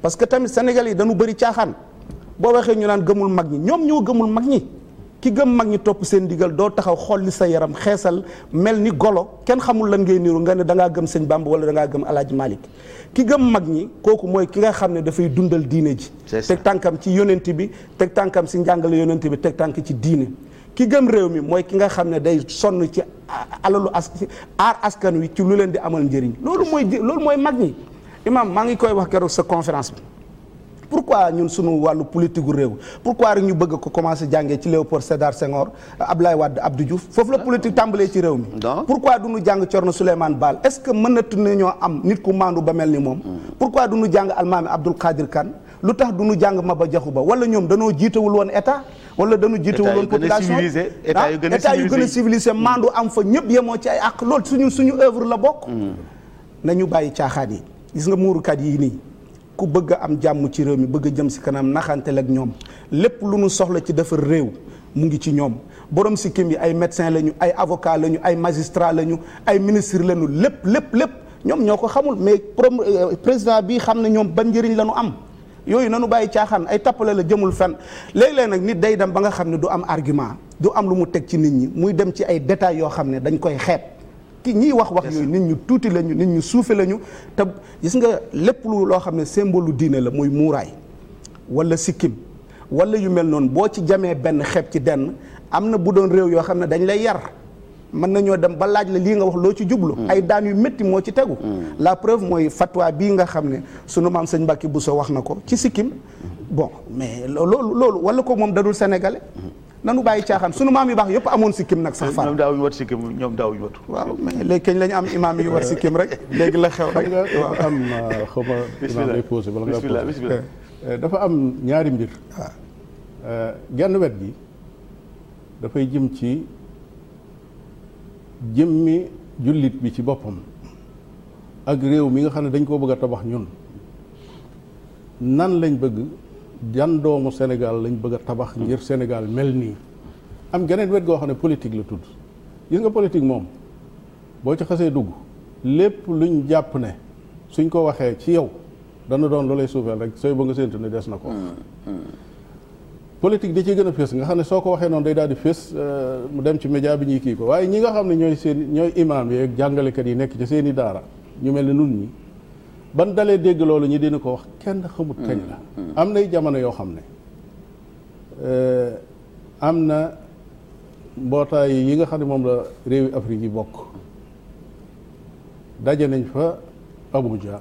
parce que tamit Sénégal yi dañu bëri caaxaan boo waxee ñu naan gëmul mag ñi ñoom ñoo gëmul mag ñi ki gëm mag ñi topp seen digal doo taxaw xool li sa yaram xeesal mel ni golo kenn xamul lan ngay niru nga ne da ngaa gëm sëñ Bamba wala da ngaa gëm Alaaji ki gëm mag ñi kooku mooy ki nga xam ne dafay dundal diine ji teg tànkam ci yonent bi teg tànkam si njàngale yonent bi teg tànk ci diine ki gëm réew mi mooy ki nga xam ne day sonn ci alalu as aar askan wi ci lu leen di amal njëriñ loolu mooy loolu mooy mag ñi imaam maa ngi koy wax keroog sa conférence bi pourquoi ñun suñu wàllu politique gu réew pourquoi rek ñu bëgg ko commencé jàngee ci Léopold Sédar Senghor Abdoulaye Wade Abdou Diouf foofu la politique tàmbalee ci réew mi pourquoi duñu jàng Thierno Souleymane Baal est-ce que mënatu nañoo am nit ku maandu ba mel ni moom hmm. pourquoi duñu jàng Almaami Abdoul Khadir kan lu tax duñu jàng Maba Jaxu Ba wala ñoom danoo jiitawul woon état wala dañu jiitawul woon population ah, état yu gën a civilisé hmm. maandu am fa ñëpp yemoo ci ay àq loolu suñu suñu œuvre la bokk hmm. nañu bàyyi caaxaan yi gis nga muurukat yi nii ku bëgg a am jàmm ci réew mi bëgg a jëm si kanam naxanteel ak ñoom lépp lu nu soxla ci defar réew mu ngi ci ñoom borom si kim yi ay médecin lañu ay avocat lañu ay magistrat lañu ay ministre lañu lépp lépp lépp ñoom ñoo ko xamul mais euh, président bii xam na ñoom ban njëriñ la ñu am yooyu nanu bàyyi caaxaan ay tappale la jëmul fenn léeg-léeg nag nit day dem ba nga xam ne du am argument du am lu mu teg ci nit ñi muy dem ci ay détails yoo xam ne dañ koy xeet ki ñiy wax wax yooyu nit ñu tuuti lañu nit ñu suufe lañu te gis nga lépp lu loo xam ne symbole diine la muy muuraay wala sikkim wala yu mel noonu boo ci jamee benn xeeb ci denn am na bu doon réew yoo xam ne dañ lay yar mën nañoo dem ba laaj la lii nga wax loo ci jublu hmm. ay daan yu métti moo ci tegu hmm. la preuve mooy fatwa bii nga xam ne sunu maam sañ sëñ bu Bousso wax na ko ci sikkim hmm. bon mais loolu loolu wala ko moom dadul sénégalais nanu bàyyi caaxaan sunu maam yu baax yëpp amoon sikkim nag sax far ñoom daawuñu wat sikkim ñoom daawuñu watu waaw mais léegi la ñu am imaam yu wat sikkim rek léegi la xew rek waaw am euh, xaw ma imaam lay posé bala nga posé bismillah euh, euh, dafa am ñaari mbir ah. genn wet gi dafay jëm ci mi jullit bi ci boppam ak réew mi nga xam ne dañ koo bëgg a tabax ñun nan lañ bëgg jan doomu Sénégal lañ bëgg a tabax ngir Sénégal mel nii am geneen wet goo xam ne politique la tudd gis nga politique moom boo ci xasee dugg lépp luñ jàpp ne suñ ko waxee ci yow dana doon lu lay suufeel rek sooy ba nga séntu ne des na ko mm, mm. politique da ciy gën a fés nga xam ne soo ko waxee noonu day daal di fés euh, dem ci média bi ñuy kii ko waaye ñi nga xam ne ñooy seen ñooy imaam yeeg jàngalekat yi nekk ci seen i daara ñu mel ne nun ñi ban dalee dégg loolu ñi dina ko wax kenn xamut kañ la mm-hmm. am nay jamono yoo xam ne euh, am na mbootaay yi nga xam ne moom la réew réewi Afrique yi bokk daje nañ fa Abuja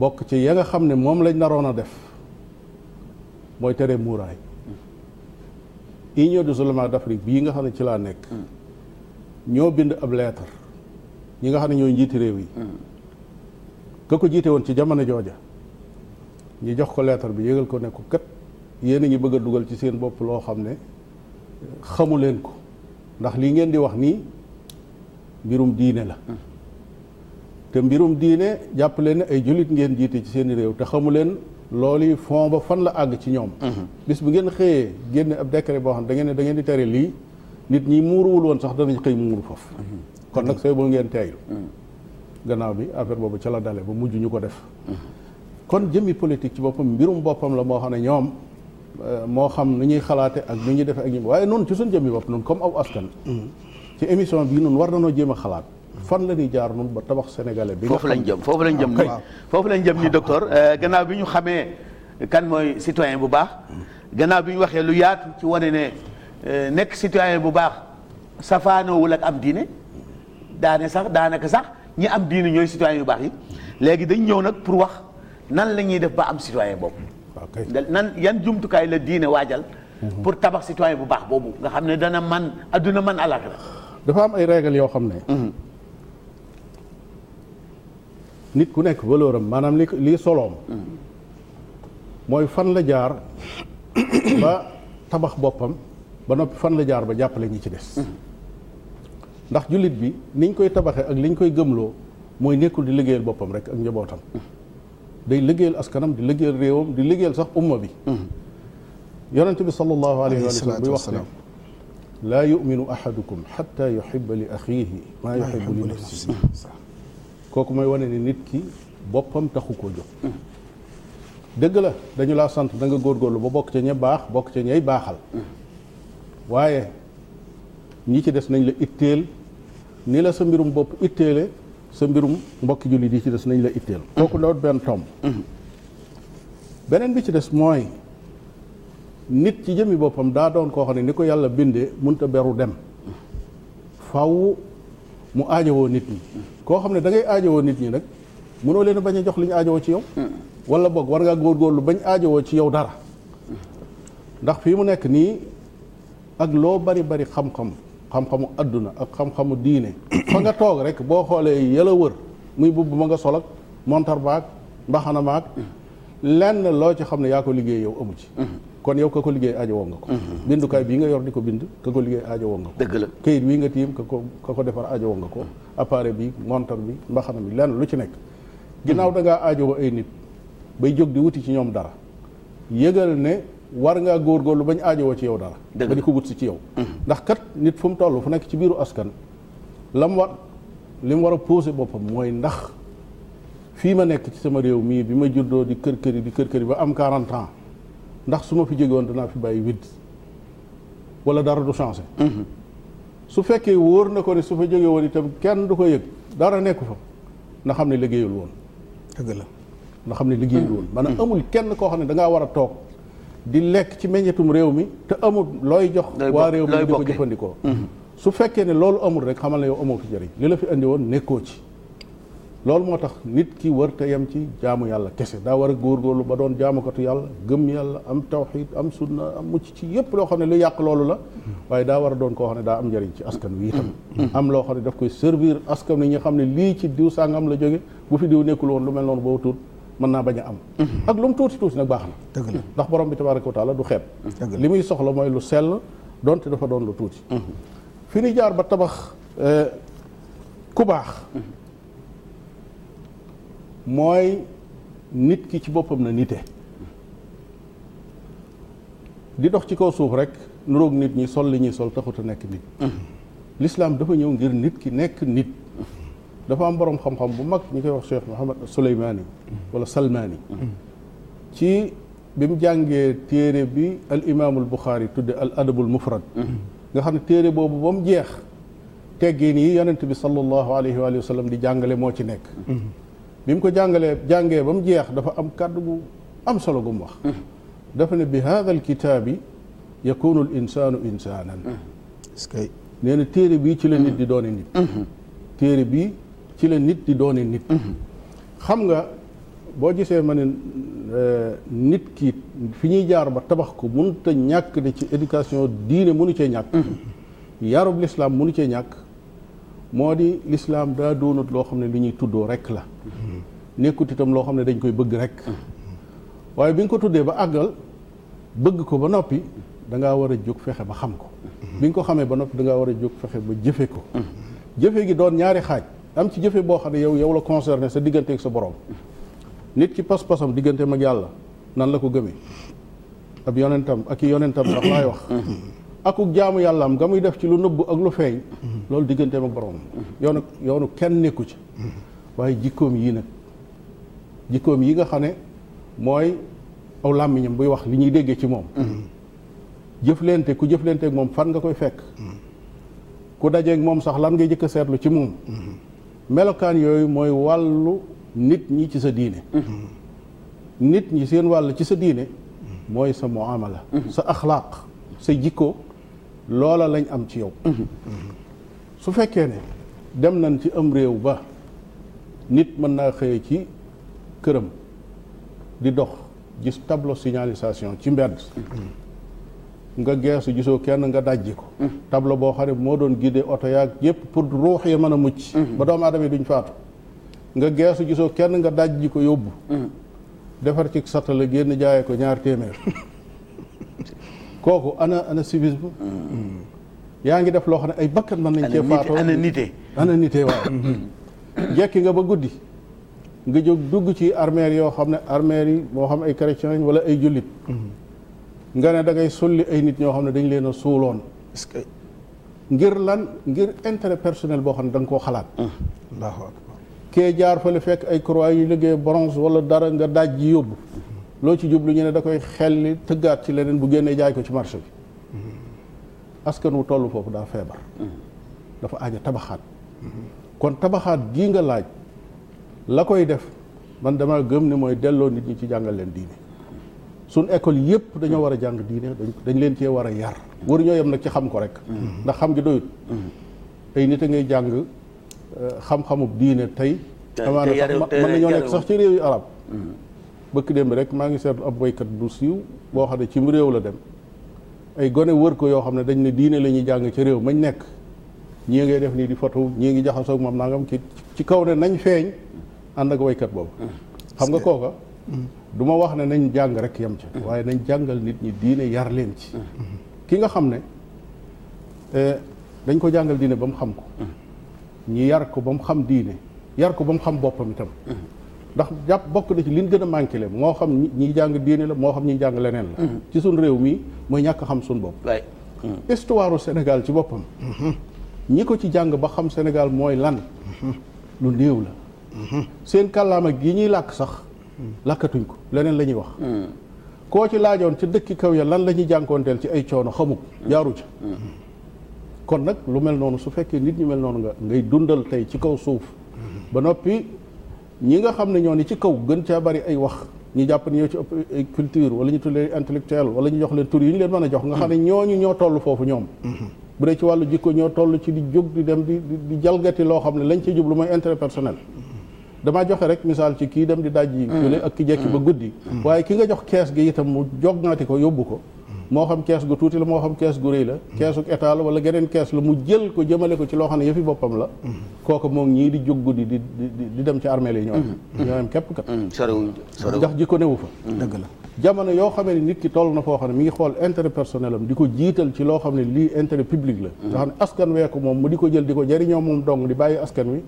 bokk ci ya nga xam ne moom lañ naroon a def mooy tere muuraay mm-hmm. Union des oulémas bi yi nga xam ne ci laa nekk mm-hmm. ñoo bind ab lettre ñi nga xam ne ñoo njiiti réew yi ka ko jiite woon ci jamono jooja ñu jox ko leetar bi yëgal ko ne ko kat yéen a ngi bëgg dugal ci seen bopp loo xam ne xamu leen ko ndax lii ngeen di wax nii mbirum diine la te mbirum diine jàpp leen ne ay jullit ngeen jiite ci seen réew te xamu leen loolu yi fond ba fan la àgg ci ñoom mhm. bis bu ngeen xëyee génne ab décret boo xam da ngeen da ngeen di tere lii nit ñi muuruwul woon sax danañ xëy muuru foofu mhm. kon nag sooy bul ngeen teeylu mhm. gannaaw bi affaire boobu ca la dale ba mujj ñu ko def kon jëmmi politique ci boppam mbirum boppam la moo xam ne ñoom euh, moo xam nu ñuy xalaate ak nu ñuy defee ak ñu waaye noonu ci suñ jëmmi bopp noonu comme aw askan ci émission bii noonu war nanoo jéem a xalaat fan la ñuy jaar noonu ba tabax sénégalais bi foofu lañ jëm foofu lañ jëm ah, ni foofu lañ jëm ni docteur euh, gannaaw bi ñu xamee kan mooy citoyen bu baax gannaaw bi ñu waxee lu yaatu ci wane ne euh, nekk citoyen bu baax safaanoowul ak am diine daane sax daanaka sax ñi am diine ñooy citoyen yu baax yi léegi dañ ñëw nag pour wax nan la ñuy def ba am citoyen boobu ah, nan yan jumtukaay la diine waajal mhm. pour tabax citoyen bu baax boobu nga xam ne dana man adduna man àllaaxira dafa am ay règle yoo xam ne mhm. nit ku nekk valeur maanaam li lii soloom mhm. mooy fan la jaar ba tabax boppam ba noppi fan la jaar ba jàppale ñi ci des ndax jullit bi niñ koy tabaxee ak liñ koy gëmloo mooy nekkul di liggéeyal boppam rek ak njabootam day liggéeyal askanam di liggéeyal réewam di liggéeyal sax umma bi mm-hmm. yonente bi sallallahu alayhi wa sallam buy wax ne laa yuminu ahadukum xatta yuhiba li axiihi maa yuhibu li kooku mooy wane ni nit ki boppam taxu ko jóg mm-hmm. dëgg la dañu laa sant danga nga góorgóorlu ba bokk ca ña baax bokk ca ñay baaxal mm-hmm. waaye ñi ci des nañ la itteel ni la sa mbirum bopp itteele sa mbirum mbokki jullit yi ci des nañ la itteel kooku ndawut benn tomb beneen bi ci des mooy nit ci jëmmi boppam daa doon koo xam ne ni ko yàlla bindee munta beru dem faw mu aajowoo nit ñi koo xam ne dangay ngay aajowoo nit ñi nag mënoo leen bañ a jox li ñu ci yow wala boog war ngaa góorgóorlu bañ aajowoo ci yow dara ndax fii mu nekk nii ak loo bari bari xam-xam xam-xamu adduna ak xam-xamu diine fa nga toog rek boo xoolee yëla wër muy bubb ma nga sol ak montar baag mbaxana maag lenn loo ci xam ne yaa ko liggéey yow amu ci kon yow ka ko liggéey ajo aajowoo nga ko bindukaay bii nga yor di ko bind ka ko liggéey ajo nga ko dëgg la kayit wii nga tiim ka ko ka ko defar aajowoo nga ko appareil bi montar bi mbaxana bi lenn lu ci nekk ginnaaw da ajo aajowoo ay nit bay jóg di wuti ci ñoom dara yëgal ne war ngaa góorgóorlu bañ aajowoo ci yow dara. ba di ko wut si ci yow. ndax kat nit fu mu toll fu nekk ci biiru askan. la mu war li mu war a posé boppam mooy ndax fii ma nekk ci sama réew mii bi ma juddoo di kër kër di kër këri ba am 40 ndax su ma fi jógewoon danaa fi bàyyi witt wala dara du changé. Mhm. su fekkee wóor na ko ni su fa jóge woon itam kenn du ko yëg dara nekku fa na xam ne liggéeyul woon. dëgg la na xam ne liggéeyul woon. Mhm. maanaam amul kenn koo xam ne da ngaa war a toog. di lekk ci meññetum réew mi te amul looy jox waa réew mi di ko jëfandikoo mhm. su fekkee ne loolu amul rek xamal ne yow amoo fi jëriñ li la fi andi woon nekkoo ci loolu moo tax nit ki war te yem ci jaamu yàlla kese daa war a góor góorgóorlu ba doon jaamukatu yàlla gëm yàlla am tawxiid am sunna am mucc ci yépp loo xam ne lu yàq loolu la waaye daa war a doon koo xam ne daa am njëriñ ci askan wi itam mhm. am loo xam ne daf koy servir askan wi ñu xam ne lii ci diw sàngam la jóge fi diw nekkul lu mel noonu boo tuut mën naa bañ a am ak lu tuuti tuuti nag baax na ndax borom bi tabaraka wa taala du xeeb li muy soxla mooy lu sell donte dafa doon lu tuuti fi ñu jaar ba tabax euh, ku baax mooy nit ki ci boppam na nite di dox ci kaw suuf rek nuroog nit ñi sol li ñuy sol taxut a nekk nit lislaam dafa ñëw ngir nit ki nekk nit dafa am borom xam-xam bu mag ñu koy wax Cheikh Mouhamad Souleymani wala Salmani ci bi mu jàngee téere bi al imaamul Buxaari tudde al adabul nga xam ne téere boobu ba mu jeex teggin yi yonent bi sallallahu alayhi wa sallam di jàngale moo ci nekk ko jàngalee jàngee ba mu jeex dafa am kàddu gu am solo gu mu wax dafa ne bi haada al kitaabi yakunu al insaanan nee na téere bii ci la di doone nit téere bi ci la nit di doonee nit mhm. xam nga boo gisee ma ne euh, nit ki fi ñuy jaar ba tabax ko mënut a ñàkk ne ci éducation diine mënu cee ñàkk mhm. yarub lislaam mënu cee ñàkk moo di lislaam daa doonut loo xam ne li ñuy tuddoo rek la mhm. nekkut itam loo xam ne dañ koy bëgg rek waaye bi nga ko tuddee ba àggal bëgg ko ba noppi dangaa war a jóg fexe ba xam ko bi nga ko xamee ba noppi da ngaa war a jóg fexe ba jëfe ko jëfe gi doon ñaari xaaj am ci jëfe boo xam ne yow yow la concerné sa digganteek sa borom nit ki pas-pasam diggante mag yàlla nan la ko gëmee ab yonentam ak i yonentam sax laay wax akuk jaamu yàlla am nga muy def ci lu nëbb ak lu feeñ loolu digganteem ak borom yoonu yoonu kenn nekku ci waaye jikkoom yii nag jikkoom yi nga xam ne mooy aw làmmiñam buy wax li ñuy déggee ci moom jëflante ku jëflante moom fan nga koy fekk ku dajeeg moom sax lan ngay jëkk a seetlu ci moom melokaan yooyu mooy wàllu nit ñi ci sa diine nit ñi seen wàll ci sa diine mooy sa muamala sa axlaaq sa jikko loola lañ am ci yow su fekkee ne dem nañ ci am réew ba nit mën naa xëye ci këram di dox gis tableau signalisation ci mbedd nga geesu gisoo kenn nga dajji ko mm. tablo boo xam ne moo doon guidé oto yaag yépp pour ruux yi mën a mucc mm. ba doomu aadama yi duñ faatu nga geesu gisoo kenn nga dajji ko yóbbu mm. defar ci satta la génn jaayee ko ñaar téeméer kooku ana ana civisme yaa ngi def loo xam ne ay bakkan man nañ cee faatoo ana nité ana nité mm-hmm. jekki nga ba guddi nga jóg dugg ci armeer yoo xam ne armeer yi moo xam ay chrétien wala ay jullit mm-hmm. nga ne da ngay sulli ay nit ñoo xam ne dañ leen a suuloon est-ce que ngir lan ngir intérêt personnel boo xam ne danga nga koo xalaat ah, kee jaar fa li fekk ay croix yu liggéey bronze wala dara nga daaj ji yóbbu loo ci jublu ñu ne da koy xelli tëggaat ci leneen bu génnee jaay ko ci marché bi mm-hmm. askan wu toll foofu daa feebar mm-hmm. dafa aaja tabaxaat kon tabaxaat gii nga laaj la koy def man dama gëm ne mooy delloo nit ñi ci jàngal leen diine suñ école yëpp dañoo war a jàng diine dañ leen cee war a yar waru ñoo yem nag ci xam ko rek ndax xam gi doyut ay nit a ngay jàng euh, xam-xamub diine tey amaana sax mën nañoo nekk sax ci réew yu arab mm-hmm. bëkk dem rek maa ngi seetlu ab woykat bu siiw boo xam ne ci mu réew la dem ay gone wër ko yoo xam ne dañ ne diine la ñuy jàng ci réew mañ nekk ñii ngay def nii di photo ñii ngi jaxasoog moom nangam ci ci kaw ne nañ feeñ ànd ak woykat boobu mm-hmm. xam nga kooka du ma wax ne nañ jàng rek yam ci mm-hmm. waaye nañ jàngal nit ñi diine yar leen ci mm-hmm. ki nga xam ne eh, dañ ko jàngal diine ba mu xam ko mm-hmm. ñi yar ko ba mu xam diine yar ko ba mu xam boppam itam ndax jàpp bokk na ci liñ gën a manqué le moo xam ñi jàng diine la moo xam ñi jàng leneen la ci suñ réew mi mooy ñàkk xam suñ bopp histoire u Sénégal ci boppam ñi ko ci jàng ba xam senegal mooy lan lu néew la seen kàllaama gi ñuy làkk sax làkkatuñ ko leneen la ñuy wax koo ci laajoon ci dëkki kaw ya lan la ñuy jànkoonteel ci ay coono xamu jaaru ca kon nag lu mel noonu su fekkee nit ñu mel noonu nga ngay dundal tey ci kaw suuf ba noppi ñi nga xam ne ñoo ni ci kaw gën caa bari ay wax ñu jàpp ni ñoo ci ëpp ay culture wala ñu tuddee intellectuel wala ñu jox leen tur yi ñu leen mën a jox nga xam ne ñooñu ñoo toll foofu ñoom bu dee ci wàllu jikko ñoo toll ci di jóg di dem di di loo xam ne lañ ci jublu mooy intérêt damaa joxe rek misaal ci kii dem di daj yi mm. ak ki jekki ba mm. guddi mm. waaye ki nga jox kees gi itam mu jognaati ko yóbbu ko moo xam kees gu tuuti la moo xam kees gu rëy la keesu état la wala geneen kees lu mu jël ko jëmale ko ci loo xam ne yëfi boppam la kooku moom ñii di jóg guddi di di dem ci armée yi ñoo ñoo am képp kat soriwul soriwul ndax jikko newu fa dëgg la jamono yoo xamee ne nit ki toll na foo xam ne mi ngi xool intérêt personnel am di ko jiital ci loo xam ne lii intérêt public la nga xam ne askan wee ko moom mu di ko jël di ko jariñoo moom dong di bàyyi askan wi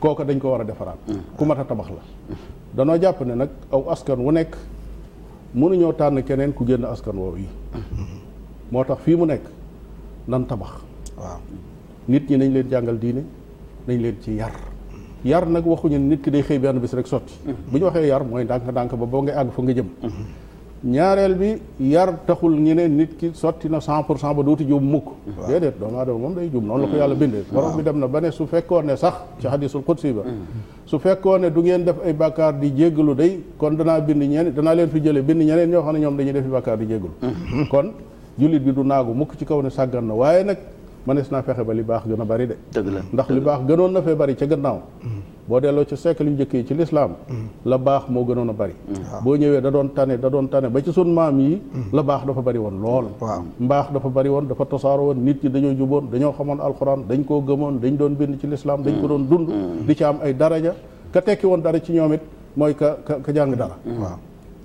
kooka dañ ko war a defaraat ku mat a tabax la danoo jàpp ne nag aw askan wu nekk mënuñoo tànn keneen ku génn askan woowu yi moo tax fii mu nekk nan tabax waaw nit ñi nañ leen jàngal diine nañ leen ci yar yar nag waxuñu nit ki day xëy benn bis rek sotti bu ñu waxee yar mooy ndànk ndànk ba boo ngay àgg nga jëm ñaareel bi yar taxul ñu nit ki sotti na cent pour cent ba duuti jub mukk déedéet doomu aadama moom day jub noonu la ko yàlla mm. bindee mm. borom bi dem na ba ne su fekkoon ne sax ci hadisul qudsi ba mm. su fekkoon ne du ngeen def ay bàkkaar di jéggalu dey kon danaa bind ñeneen danaa leen fi jële bind ñeneen ñoo xam ne ñoom dañuy defi bàkkaar di jéggalu kon jullit bi du naagu mukk ci kaw ne sàggan na waaye nag mënees naa fexe ba li baax gën a bari de dëgg la ndax li baax gënoon na fee bari ca gannaaw boo delloo ci siècle yu njëkk yi ci lislaam mm-hmm. la baax moo gënoon a bari mm-hmm. boo ñëwee da doon tane da doon tane ba ci sun maam yi mm-hmm. la baax dafa bari woon lool mbaax dafa bari woon dafa tosaaroo woon nit ñi dañoo juboon dañoo xamoon alxuraan dañ koo gëmoon dañ doon bind ci lislaam dañ ko doon dund di ci am ay daraja ka tekki woon dara ci ñoom it mooy ka ka ka jàng dara waaw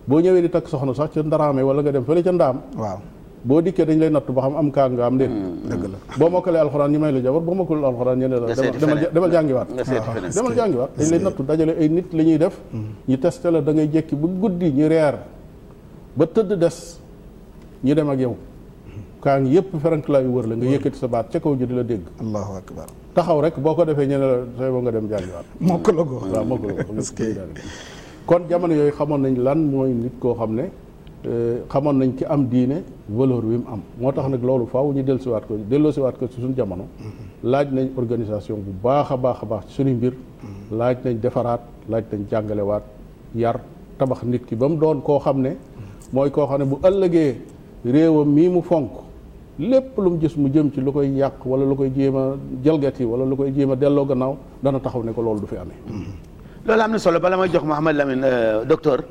boo ñëwee di takk soxna sax ca ndaraame wala nga dem fële ca ndaam waaw boo dikkee dañ lay nattu ba xam am kaa nga am déet hmm. dëgg la boo mokkalee alxuraan ñi may la jabar boo mokkalul alxuraan ñe ne la demal jàngiwaat demal jàngiwaat dañ lay nattu dajale ay nit li ñuy def hmm. ñu testé la da ngay jekki ba guddi ñu reer ba tëdd des ñu dem ak yow kaa ngi yëpp feranklaayu wër la nga hmm. yëkkati sa baat ca kaw di la dégg allahu akbar taxaw rek boo ko defee ñe ne la sooy boo nga dem jàngiwaat mokkaloo ko waaw mokkaloo ko kon jamono yooyu xamoon nañ lan mooy nit koo xam ne Euh, xamoon nañ ci am diine valeur bi mu am moo tax nag loolu faw ñu dellusiwaat ko delloosiwaat ko ci suñu jamono laaj nañ organisation bu baax a baax a baax ci suñu mbir laaj nañ defaraat laaj nañ jàngalewaat yar tabax nit ki ba mu doon koo xam ne mooy koo xam ne bu ëllëgee réewam mii mu fonk lépp lu mu gis mu jëm ci lu koy yàq wala lu koy jéem a jalgati wala lu koy jéem a delloo gannaaw dana taxaw ne ko loolu du fi amee loolu am na solo bala may jox Mouhamed Lamine euh, docteur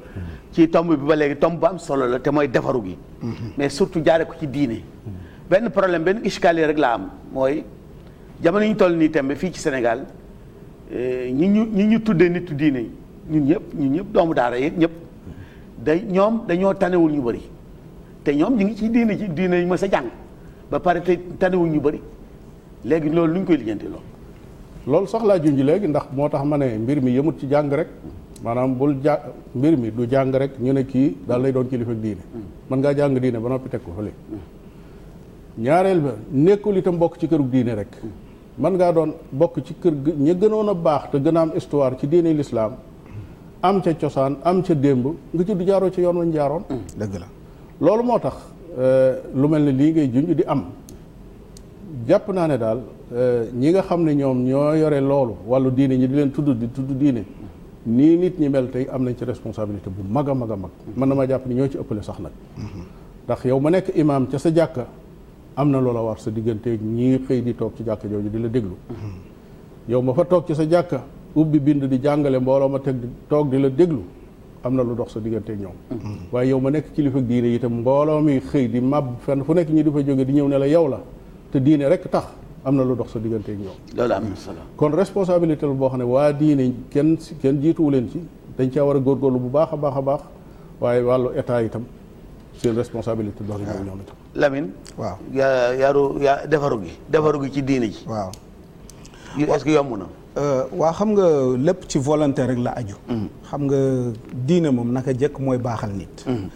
ci tomb bi ba léegi tomb bu am solo la te mooy defaru gi mais surtout jaare ko ci diine benn problème benn iskali rek laa am mooy jamono ñu toll nii tembe fii ci Sénégal euh, ñi ñu ñi ñu tuddee nitu diine ñun ñëpp ñun ñëpp doomu daara yi ñëpp day ñoom dañoo tanewul ñu bëri te ñoom ñu ngi ci diine ci diine yi ma sa jàng ba pare te tanewul ñu bëri léegi loolu lu ñu koy lijjanti loolu loolu sax laa junj léegi ndax moo tax ma ne mbir mi yëmut ci jàng rek maanaam bul ja mbir mi du jàng rek ñu ne kii daal day doon kilifa diine mën ngaa jàng diine ba noppi teg ko fële ñaareel ba nekkul itam bokk ci kërug diine rek mën ngaa doon bokk ci kër ña gënoon a baax te gën a am histoire ci diine lislaam am ca cosaan am ca démb nga ci du jaaroo ci yoon wañ jaaroon dëgg la loolu moo tax euh, lu mel ne lii ngay junj di am jàpp naa ne daal Euh, ñi nga xam ne ñoom ñoo yore loolu wàllu diine ñi di leen tudd di tudd diine nii nit ñi mel tey am nañ ci responsabilité bu mag a mag a mag mën mm-hmm. na maa jàpp ni ñoo ci ëppale sax nag mm-hmm. ndax yow ma nekk imaam ca sa jàkka am na loola war sa diggante ñii xëy di toog ci jàkka jooju di la déglu mm-hmm. yow ma fa toog ca sa jàkka ubbi bind di jàngale mbooloo ma teg di toog di la déglu am na lu dox sa diggante ñoom waaye yow ma nekk kilifa diine itam mbooloo mi xëy di màbb fenn fu nekk ñi di fa jóge di ñëw ne la yow la te diine rek tax am na lu dox sa diggante ak ñoom. loolu am na solo kon responsabilité la boo xam ne waa diine kenn si kenn jiituwu leen ci dañ caa war a góor góorgóorlu bu baax a baax a baax waaye wàllu état itam seen responsabilité dox na ñoom itam. Lamine. waaw yaa yaaru yaa defaru gi defaru gi ci diine ji. waaw. est-ce que yomb na. Euh, waa xam nga lépp ci volonté rek la aju. Mm. xam nga diine moom naka jëkk mooy baaxal nit. Mm.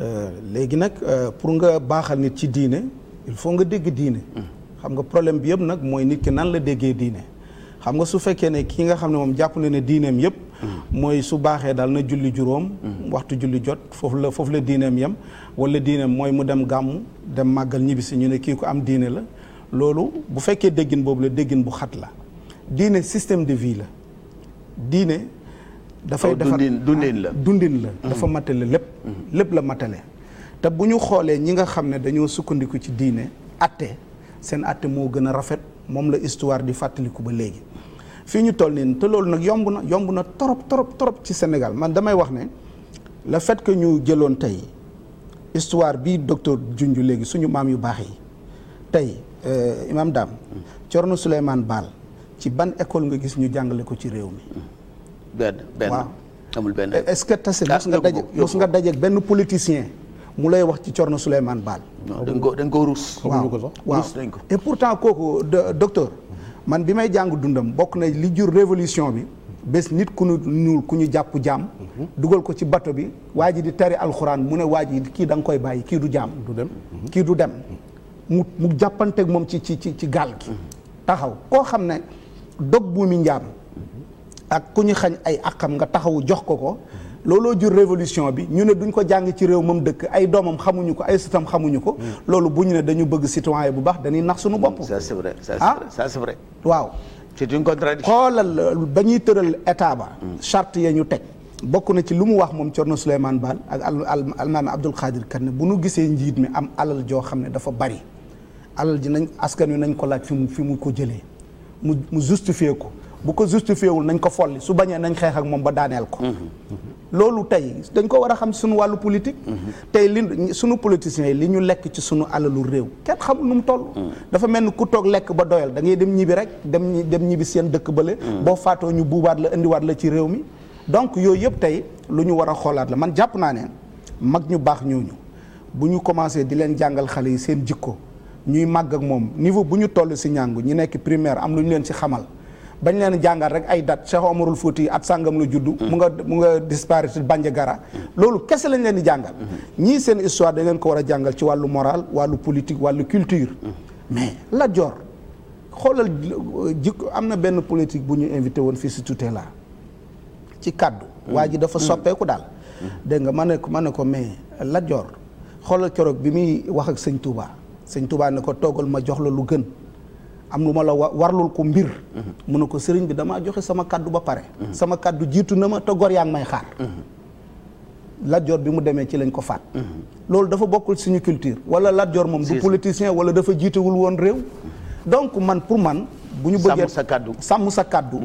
Euh, léegi nag euh, pour nga baaxal nit ci diine il faut nga dégg diine. Mm. xam nga problème bi yëpp nag mooy nit ki nan la déggee diine xam nga su fekkee ne ki nga xam ne moom jàpp na ne diineem yëpp mm. mooy su baaxee daal na julli juróom mm. waxtu julli jot foofu la foofu la diineem yem wala diineem mooy mu dem gàmmu dem màggal ñibbisi ñu ne kii ko am diine la loolu bu fekkee déggin boobu la déggin bu xat la diine système de vie la diine dafa defar dundin la dundin la mm. dafa matale lépp lépp la matale te bu ñu xoolee ñi nga xam ne dañoo sukkandiku ci diine atte seen àtte moo gën a rafet moom la histoire di fàttaliku ba léegi fii ñu toll nii te loolu nag yomb na yomb na trop trop trop ci Sénégal man damay wax ne la fait que ñu jëloon tey histoire bi docteur junju léegi suñu maam yu baax yi tey euh, imam Dame Thierno Souleymane Baal ci ban école nga gis ñu jàngale ko ci réew mi. benn benn amul benn. est-ce que tase ah, mos nga daje mos nga dajeeg benn politicien. mu lay wax ci Thierno Souleymane Baal. dañ ko dañ ko ruus. waaw waaw et pourtant kooku docteur. man bi may jàng dundam bokk na li jur révolution bi. bés nit ku ñu ñuul ku ñu jàpp jaam. Mhm. dugal ko ci bato bi waa ji di tari alxuraan mu ne waa ji kii da nga koy bàyyi kii du jaam. du dem mhm. kii du dem. mu mu jàppanteeg moom ci ci ci ci gaal gi. Mhm. taxaw koo xam ne dog buumi njaam. ak ku ñu xañ ay akam nga taxawu jox ko ko. looloo jur révolution bi ñu ne duñ ko jàng ci réew mam dëkk ay doomam xamuñu ko ay sëtam xamuñu ko hmm. loolu bu ñu ne dañu bëgg citoyen bu baax dañuy nax suñu bopp ça c'est vrai ah? waaw c'est une contradiction xoolal ba ñuy tëral état ba hmm. charte ya ñu teg bokk na ci lu mu wax moom Thierno Souleymane Baal ak almaami Abdoul Khadir Kan ne bu nu gisee njiit mi am alal joo xam ne dafa bari alal ji nañ askan wi nañ ko laaj fi mu fi mu ko jëlee mu mu justifié ko bu ko justifié wul nañ ko folli su bañee nañ xeex ak moom ba daaneel ko. loolu tey dañ ko war a xam suñu wàllu politique. tey li suñu politiciens yi li ñu lekk ci suñu alalu réew kenn xamul nu mu toll. dafa mel ni ku toog lekk ba doyal da ngay dem ñibbi rek dem ñi dem ñibbi seen dëkk bële. boo faatoo ñu buubaat la indiwaat la ci réew mi. donc yooyu yëpp tey lu ñu war a xoolaat la man jàpp naa ne mag ñu baax ñooñu bu ñu commencé di leen jàngal xale yi seen jikko ñuy màgg ak moom niveau bu ñu toll si ñàngu ñu nekk primaire am lu ñu leen ci xamal. bañ leen jàngal rek ay dat Cheikh Omarul Fouti at sàngam la juddu. mu nga mu nga disparité gara loolu kese lañ leen di jàngal. ñii seen histoire dañ leen ko war a jàngal ci wàllu moral wàllu politique wàllu culture. mais lajoor xoolal jikko am na benn politique bu ñu invité woon fii si tutela ci kàddu. waa ji dafa soppeeku daal. dégg nga ma ne ko ma ne ko mais lajoor Joor xoolal keroog bi muy wax ak sëñ Touba sëñ Touba ne ko toogal ma jox la lu gën. am lu ma la warlul ko mbir mhm. mu ne ko sëriñ bi damaa joxe sama kàddu ba pare mhm. sama kàddu jiitu na ma te gor yaa ngi may xaar mhm. Lat bi mu demee ci lañ ko faat loolu dafa bokkul suñu culture wala Lat Joor moom du politicien wala dafa jiitewul woon réew donc man pour man bu ñu bëggee sàmm sa kàddu sàmm sa kaddu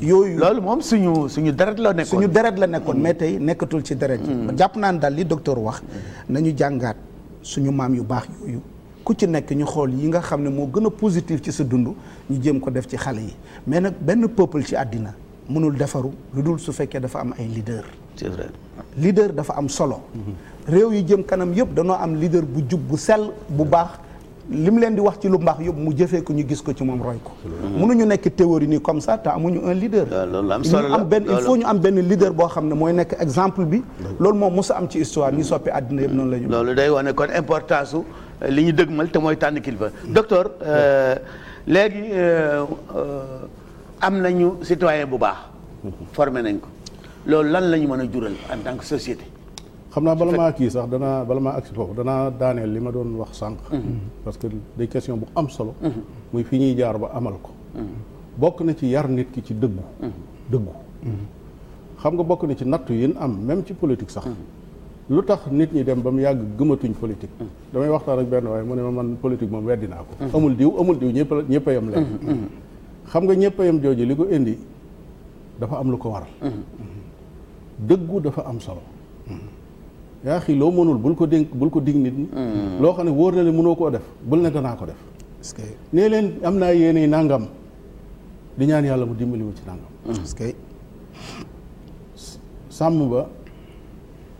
yooyu loolu moom suñu suñu deret la nekkoon suñu deret la nekkoon mais tey nekkatul ci deret ji jàpp naa ne daal li docteur wax nañu jàngaat suñu maam yu baax yooyu ku ci nekk ñu xool yi nga xam ne moo gën a positive ci sa dund ñu jëm ko def ci xale yi mais nag benn peuple ci àddina mënul defaru lu dul su fekkee dafa am ay leader c'est leader dafa am solo réew yi jëm kanam yëpp danoo am leader bu jub bu sell bu baax li mu leen di wax ci lu mbaax yëpp mu jëfee ko ñu gis ko ci moom roy ko mënuñu nekk théorie nii comme ça te amuñu un leader ñu ah, am benn il faut ñu am benn leader boo xam ne mooy nekk exemple bi loolu moom mosa am ci histoire ñu soppi àddina yëpp noonu la ñu loolu day wane kon importance li ñu dëgmal te mooy tànn kilifa. docteur euh, léegi euh, euh, am nañu citoyen bu baax. formé nañ ko loolu lan lañu mën a jural en tant que société. xam naa bala maa kii sax danaa bala maa agsi foofu danaa daaneel li ma doon wax sànq. Mhm. parce que day question bu am solo. Mhm. muy fi ñuy jaar ba amal ko. Mhm. bokk na ci yar nit ki ci dëggu. dëggu. xam nga bokk na ci nattu yi am même ci politique sax. lu tax nit ñi dem ba mu yàgg gëmatuñ politique damay waxtaan ak benn waaye mu ne ma man politique moom weddi naa ko amul diw amul diw ñëpp ñëpp a yem leen xam nga ñëpp yem jooju li ko indi dafa am lu ko waral dëggu dafa am solo yaa xi loo mënul bul ko dénk bul ko dig nit ñi loo xam ne wóor na le mënoo koo def bul ne naa ko def nee leen am naa yéene nàngam di ñaan yàlla mu dimbali wu ci nàngam sàmm ba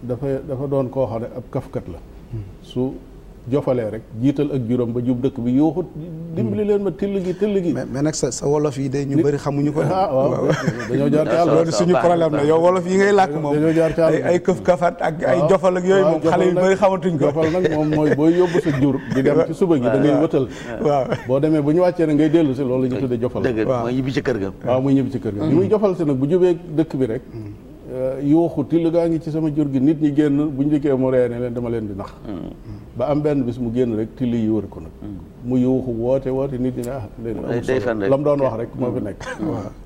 dafa dafa doon koo xam ne ab kafkat la su jofalee rek jiital ak juróom ba jub dëkk bi yuuxut dimbali leen ma till gi till gi mais nag sa sa wolof yi de ñu bëri xamuñu ko ah waaw dañoo jaar ci àll loolu suñu problème la yow wolof yi ngay làkk moom dañoo jaar ci àll ay këf kafat ak ay jofal ak yooyu moom xale yu bëri xamatuñ ko jofal nag moom mooy booy yóbbu sa jur di dem ci suba gi da wëtal waaw boo demee bu ñu wàccee ne ngay dellu si loolu la ñu tuddee jofal dëgg ci kër ga waaw mooy ñibbi ci kër ga li mm. muy jofal si nag bu jubee dëkk bi rek mm. Euh, yuuxu till gaa ngi ci sama jur gi nit ñi génn bu ñu dikkee mu ree ne leen dama leen di nax mm. ba am benn bis mu génn rek till yi wër ko nag mm. mu yuuxu woote woote nit ñi ne ah leen mu doon wax rek moo fi mm. nekk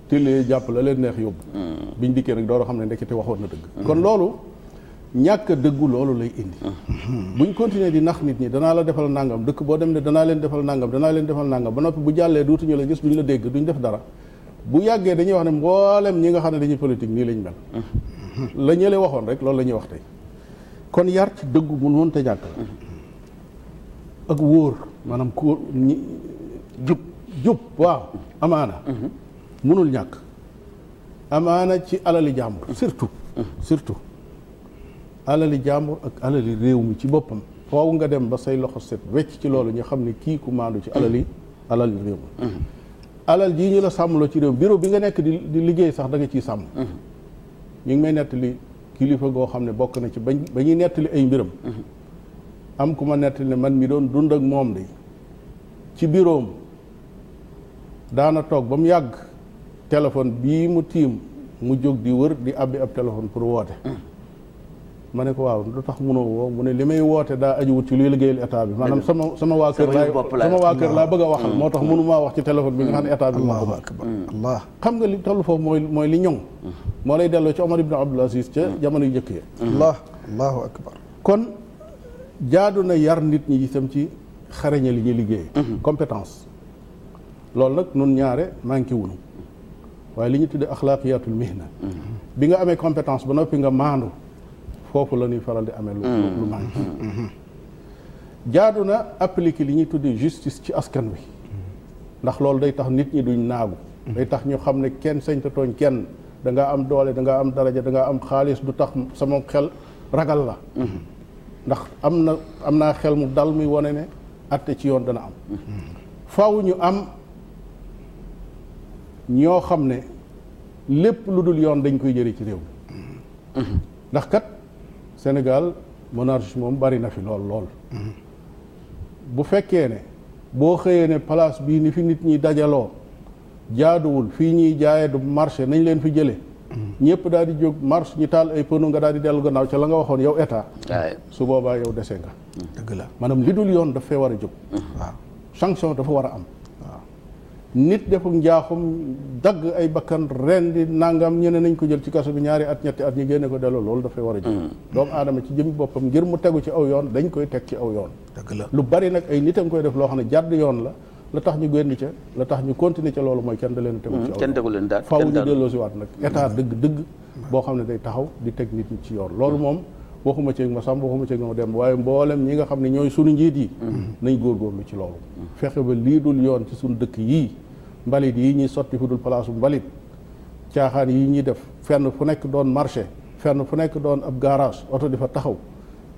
till yi jàpp la leen neex yóbbu bi ñu dikkee nag door xam ne te waxoon na dëgg kon loolu ñàkk dëggu loolu lay indi buñ continuer di nax nit ñi danaa la defal nangam dëkk boo dem ne danaa leen defal nangam danaa leen defal nangam ba noppi bu jàllee dootuñu la gis la dégg duñ def dara bu yàggee dañuy wax ne mboolem ñi nga xam ne dañuy politique nii lañ mel. la ñële waxoon rek lool la ñuy wax tey kon yar ci dëggu mun te ñàkk ak wóor maanaam ko ñi jub jub waaw amaana munul ñàkk amaana ci alali jàmbur surtout surtout alali jàmbur ak alali réew mi ci boppam faaw nga dem ba say loxo set wecc ci loolu ñu xam ne kii ku maandu ci alali alali réew mi alal jii ñu la sàmmloo ci réew bureau bi nga nekk di liggéey sax danga ciy sàmm. ñu ngi may nettali kilifa goo xam ne bokk na ci bañ ba ñuy nettali ay mbiram. am ku ma nettali ne man mi doon dund ak moom de ci bureau am daana toog ba mu yàgg téléphone bii mu tiim mu jóg di wër di abbi ab téléphone pour woote. ma ne ko waaw lu tax mënoo woo mu ne li may woote daa ajuwut ci luy liggéeyal état bi maanaam sama sama waa kër laa sama waa kër laa bëgg a waxal mm. moo tax mënumaa wax ci téléphone bi nga xam ne état bi moo mm. xam nga li toll foofu mooy mooy li ñoŋ mm. moo lay delloo ci Omar ibn Abdul Aziz ca jamono yu njëkk kon jaadu na yar nit ñi itam ci xaraña li ñuy liggéey mm-hmm. compétence loolu nag nun ñaare manqué wunu waaye li ñu tuddee axlaaqiyatul mihna mm-hmm. bi nga amee compétence ba noppi nga maandu foofu la ñuy faral di amee. lu lu mm. manqué. Mm-hmm. Mm-hmm. jaadu na appliquer li ñuy tuddee justice ci askan wi. ndax loolu day tax nit ñi duñ naagu. Mm-hmm. day tax ñu xam ne kenn sañ te kenn da am doole da ngaa am daraja da am xaalis du tax sama xel ragal la. ndax am na am naa xel mu dal muy wane ne atte ci yoon dana am. faaw ñu am ñoo xam ne lépp lu dul yoon dañ koy jëre ci réew mi. ndax kat Sénégal monarchie moom bari na fi lool lool. bu fekkee ne boo xëyee ne place bii ni fi nit ñi dajaloo jaaduwul fii ñuy jaayee du marché nañ leen fi jëlee. ñëpp daal di jóg marche ñu taal ay pneu nga daal di dellu gannaaw ca la nga waxoon yow état. su boobaa yow dese nga. dëgg la maanaam li dul yoon daf fee war a jóg. waaw sanction dafa war a am. nit defuk njaaxum dagg ay bakkan ren di nangam ñeneen nañ ko jël ci kaso bi ñaari at ñetti at ñu génne ko delloo loolu dafay war a ji mm. doomu aadama ci jëmi boppam ngir mu tegu ci aw yoon dañ koy teg ci aw yoon dëgg lu bari nag ay nit nitam koy def loo xam ne jàdd yoon la la tax ñu génn ca la tax ñu continuer ca loolu mooy kenn da leen tegu ci aw mm. leen daal faaw ñu delloo si waat mm. dëgg dëgg boo xam ne day taxaw di teg ci yoon loolu moom waxuma ceeg ma sàmm waxuma ceeg ma dem waaye mboolem ñi nga xam ne ñooy sunu njiit yi nañ góorgóorlu ci loolu fexe ba lii dul yoon ci suñu dëkk yii mbalit yi ñuy sotti fu dul palaasu mbalit caaxaan yi ñuy def fenn fu nekk doon marché fenn fu nekk doon ab garage oto di fa taxaw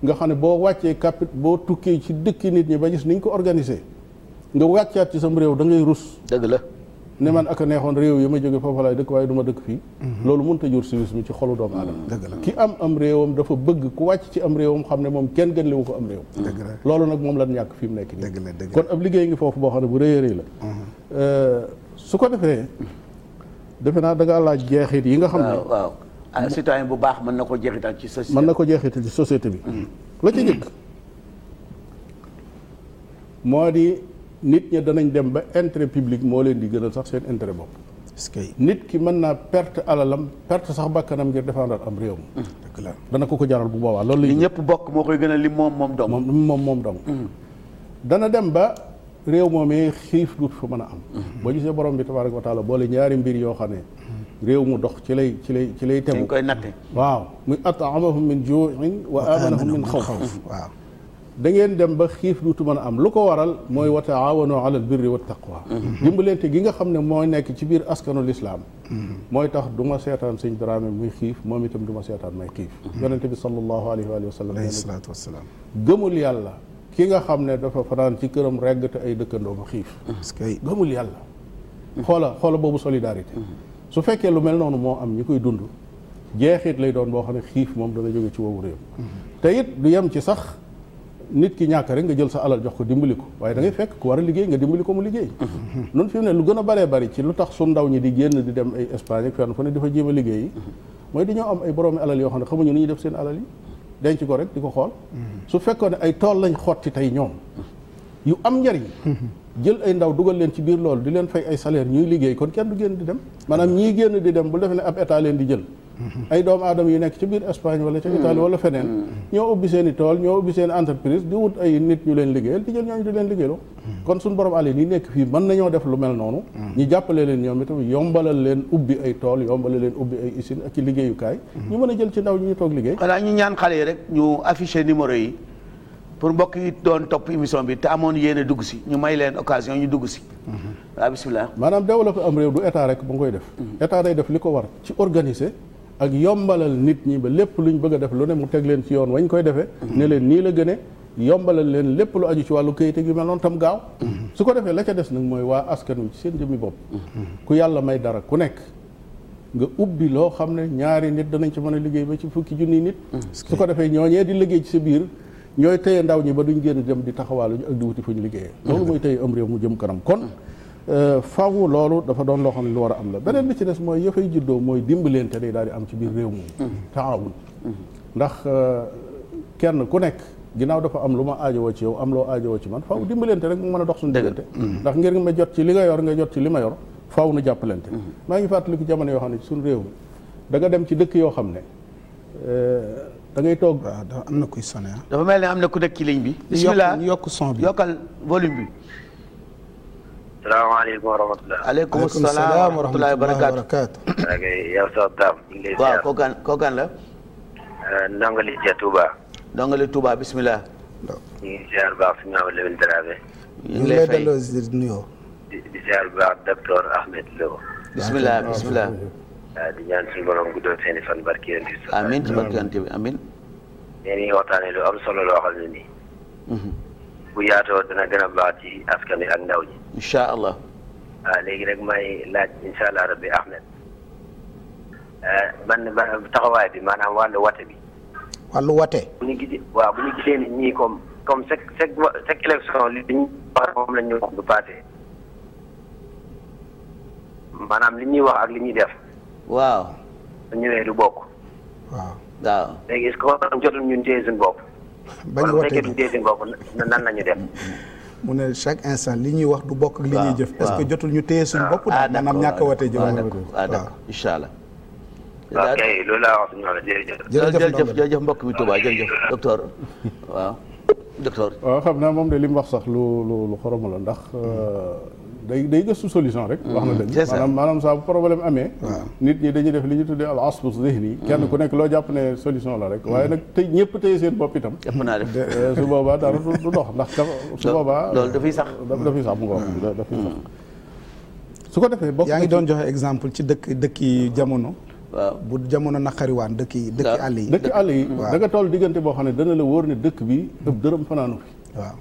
nga xam ne boo wàccee capit boo tukkee ci dëkk nit ñi ba gis niñ ko organisé nga wàccaat ci sam réew da rus dëgg ne man ak a neexoon réew yi ma jóge foofa laay dëkk waaye du ma dëkk fii mhm. loolu mënut a jur civisme ci xolu doomu aadama ki am am réewam dafa bëgg ku wàcc ci am réewam xam ne moom kenn gën liwu ko am réew loolu nag moom la ñàkk fi mu nekk nii kon ab liggéey ngi foofu boo xam ne bu rëy a rëy la mhm. euh, su ko defee defe naa da ngaa laaj jeexit yi nga xam ne waaw ah, citoyen bu baax mën na ko jeexital ci société mën na ko jeexital ci société bi mhm. la ci jëkk moo di nit ña danañ dem ba intérêt public moo leen di gënal sax seen intérêt bopp. nit ki mën naa perte alalam perte sax bakkanam ngir défendre am réew dëgg dana ko ko jaral bu boobaa loolu la ñëpp bokk moo koy gën a li moom moom dong. moom moom moom dong. dana dem ba réew moomee xiif duut fa mën a am. boo gisee borom bi tabaaraka wa taala boole ñaari mbir yoo xam ne réew mu dox ci lay ci lay ci lay. tegu koy natte. waaw muy wa aamanahum min da ngeen dem ba xiif duutu mën a am lu ko waral mooy wa taawanu alal birri wa taqwa mhm. dimbalante gi nga xam ne moo nekk ci biir askanu lislaam mhm. mooy tax duma ma seetaan sëñ Dramé muy xiif moom itam du ma seetaan may xiif mhm. yonente bi sallallahu alayhi wa sallam salaatu wasalaam gëmul yàlla ki nga xam ne dafa fanaan ci këram regg ay dëkkandoo ma xiif gëmul yàlla xoola xoola boobu solidarité su fekkee lu mel noonu moo am ñi koy dund jeexit lay doon boo xam ne xiif moom dana jóge ci woowu réew te it du yem ci sax nit ki ñàkk rek nga jël sa alal jox ko dimbali ko waaye da ngay fekk ku war a liggéey nga dimbali ko mu liggéey noonu fi ne lu gën baree bari ci lu tax su ndaw ñi di génn di dem ay Espagne ak fenn fu ne di fa jéem a liggéey mooy dañoo am ay boroomi alal yoo xam ne xamuñu ni ñuy def seen alal yi denc ko rek di ko xool su fekkoon ne ay tool lañ xotti tey ñoom yu am njariñ jël ay ndaw dugal leen ci biir loolu di leen fay ay salaire ñuy liggéey kon kenn du génn di dem maanaam ñii génn di dem bu defee ne état leen di jël ay doomu aadama yu nekk ci biir Espagne wala ca Italie mm. wala feneen mm. ñoo ubbi seen tool ñoo ubbi seen entreprise di wut ay nit ñu leen liggéeyal di jël ñooñu di leen liggéeyaloo mm. kon suñu borom àll yi nekk fii mën nañoo def lu mel noonu ñu jàppale leen ñoom itam yombalal leen ubbi ay tool yombalal leen ubbi ay usine ak ci liggéeyukaay ñu mën a jël ci ndaw ñu ñu toog liggéey xanaa ñu ñaan xale yi rek ñu afficher numéro yi pour mbokk yi doon topp émission bi te amoon yéen dugg si ñu may leen occasion ñu dugg si mm-hmm. waaw bisimilah maanaam développé am réew du état rek bu nga koy def mm-hmm. état day def li ko war ci organiser ak yombalal nit ñi ba lépp lu ñu bëgg a def lu ne mu teg leen ci yoon wañ koy defee ne leen nii la gëne yombalal leen lépp lu aju ci wàllu këyit yu mel noonu tam gaaw su ko defee la ca des nag mooy waa askan wi ci seen jëmmi bopp ku yàlla may dara ku nekk nga ubbi loo xam ne ñaari nit danañ ci mën a liggéey ba ci fukki junniy nit su ko defee ñooñee di liggéey ci sa biir ñooy téye ndaw ñi ba duñ génn jëm di taxawaaluñu ak di wuti fu ñu liggéeyee mmh. loolu mooy réew mu jëm kanam kon Euh, fawu loolu dafa doon loo xam ne lu war a am la beneen bi ci des mooy yëfay juddoo mooy dimbalante day daal di am ci biir réew moom mm-hmm. taawun mm-hmm. ndax euh, kenn ku nekk ginnaaw dafa am lu ma aajowoo ci yow am loo aajowoo ci man faw mm-hmm. dimbalante rek mu mën a dox suñu diggante ndax ngir ma jot ci li nga yor nga jot ci li ma yor faw nu jàppalante maa ngi fàttaliku jamono yoo xam ne ci réew mi da dem ci dëkk yoo xam ne euh, da ngay toog am na kuy sonné ah. dafa mel ni am na ku nekk ci ligne bi bismillah yokk son bi yokkal volume bi salaamaaleykum wa rahmatulah. aleykum salaam wa rahmatulah wa barakaatu. ok yow Sow Dame. ñu ngi lay ziar waaw kooku kan kooku kan la. Eh, Ndongali Dia Touba. Ndongali Touba bisimilah. ñu ngi ziar bu baax suñu naan Lamine Dramé. ñu ngi lay fay ñu ngi lay delloo nuyoo. di di ziar bu baax docteur Ahmed Lo. bisimilah bisimilah. Eh, di ñaan suñu borom guddoo seen i fan barki yéen di. amiin ci barki yéen bi amiin. yéen ñi waxtaanee lu am solo loo xam ne nii. Mhm. bu yaatoo dana gën a baax ci askan wi ak ndaw ñi. incha allah. waaw ah, léegi rek may laaj incha allah rabbi Ahmed eh, man taxawaay bi maanaam wàllu wate bi. wàllu wate. bu ñu gisee waaw bu ñu gisee ni ñii comme comme chaque chaque chaque élection li ñu wax moom la ñu wax du passé maanaam li ñuy wax ak li ñuy def. waaw. ñu ñëwee du bokk. waaw waaw. léegi est-ce que jotul ñun téye suñu bopp. bañ a wotee du wala bu fekkee duñ téye suñu bopp nan la ñu def. mu ne chaque instant li ñuy wax du bokk ak li ñuy jëf est que jotul ñu téye suñu bopp ah, daal maanaam ñàkk a watee jë ah, ah, waaw d'accord incha allah ok loolu laa wax jërëjëf mbokk mi Touba jërëjëf docteur waaw docteur waaw xam naa moom de li mu wax sax lu lu lu xoromu la ndax hmm. euh, day day gëstu solution rek. wax na mm-hmm. dëgg maanaam maanaam saa bu problème amee. nit ñi dañuy def li ñu tuddee al asbu zihni. Mm-hmm. kenn ku nekk loo jàpp ne solution la rek. waaye mm-hmm. nag tey ñëpp tey seen bopp itam. mën naa def eh, su boobaa dara du dox ndax ka su boobaa. loolu dafay sax dafay sax mu ngoog dafay sax. su ko defee bokk yaa ngi doon joxe exemple ci dëkk dëkk yi jamono. bu jamono naqariwaan dëkk yi dëkk àll yi. dëkk àll yi da nga toll diggante boo xam ne dana la wóor ne dëkk bi ëpp dërëm fanaanu fi. waaw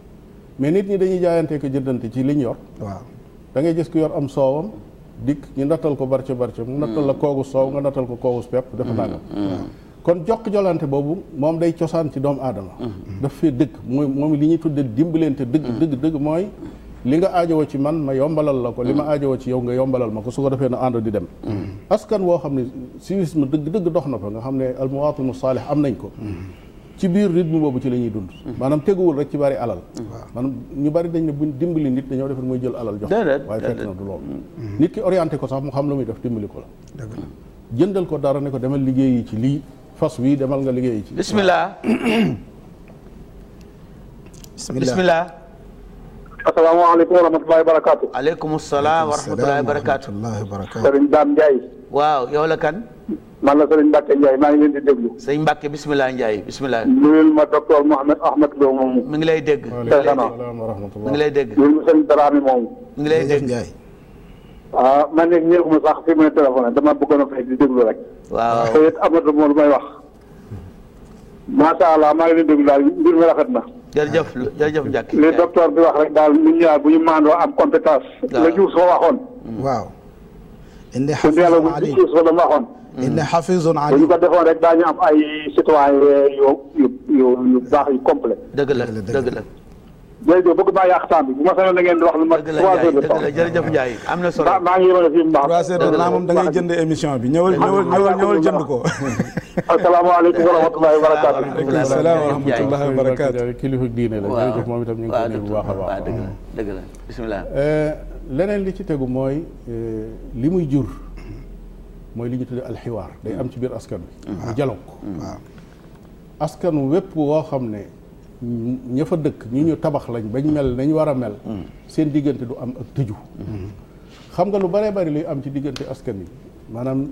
mais nit ñi dañuy jaayante ko jëndante ci liñ yor. waaw da ngay gis ku yor am soowam dikk ñu nattal ko barce barce mu nattal la mm. koogu soow nga nattal ko koogu pepp mm. dafa nangam mm. kon jokk jolante boobu moom day cosaan ci doomu aadama daf fee dëgg mooy moom li ñuy tudde dimbalante dëgg dëgg dëgg mooy li nga aajowoo ci man ma yombalal la ko li ma aajowoo ci yow nga yombalal ma ko su ko defee na ànd di dem askan woo xam ne civisme dëgg dëgg dox na fa nga xam ne almuwaatul mu saalix am nañ ko ci biir rythme boobu ci la ñuy dund mm-hmm. maanaam teguwul rek ci bari alal maanaam ñu bari dañ ne buñ dimbali nit dañoo defar mooy jël alal jox waaye fekk na du loolu mm-hmm. nit ki orienté ko sax mu xam la muy def dimbali ko la jëndal ko dara ne ko demal liggéeyi ci lii fas wii demal nga liggéeyi ci bismillah bismillah asalaamaaleykum wa rahmatullahi wa barakaatu aleykum salaam wa rahmatullahi wa barakaatu sëriñ Dame Ndiaye waaw yow la kan. man la sëriñ Mbacke Ndiaye maa ngi leen di déglu. sëriñ Mbacke bisimilah Ndiaye bisimilah. nuyul ma docteur Mohamed Ahmed Lo moomu. mi ngi lay dégg. mi ngi lay dégg. nuyul ma sëriñ Dramé moomu. mi ngi lay dégg. Ah, man de ñëw ma sax fi mu ne téléphone dama bëggoon a fay di déglu rek. waaw te it amatu may wax. macha allah maa ngi leen di déglu daal mbir mi rafet na. jërëjëf jërëjëf Ndiaye. li docteur bi wax rek daal nit ñi bu ñu maandoo am compétence. la Diouf soo waxoon. waaw. inni xafisun alim bu diis ba mu waxoon. inni xafisun alim bu ñu ko defoon rek daañu am ay citoyen yu yu yu yu baax yu complet. dëgg la dëgg la. jërëjëf bëgg naa yàq temps bi bu ma soxla na ngeen di wax lu ma. trois heures de temps jërëjëf Ndiaye am na solo. maa ngi yoroon fii mu baax. trois heures de temps moom da ngay jënd émission bi ñëwal ñëwal ñëwal ñëwal jënd ko. asalaamaaleykum wa rahmatulahi wa barakaatu. waaleykum salaam wa rahmatulahi wa barakaatu. kilifa diine la. waaw waaw dëgg la jërëjëf moom itam ñu ngi koy nuyu bu baax a baax. dëgg la dëgg la bisimilah. Euh, leneen li ci tegu mooy euh, li muy jur mooy li ñu tuddee alxiwaar day am ci biir askan wi mm-hmm. mu jaloog mm-hmm. askan wépp woo xam ne ña fa dëkk ñu ñu tabax lañ ba ñu mel nañ war a mel mm-hmm. seen diggante du am ak tëju xam nga lu bëree bëri luy am ci diggante askan yi maanaam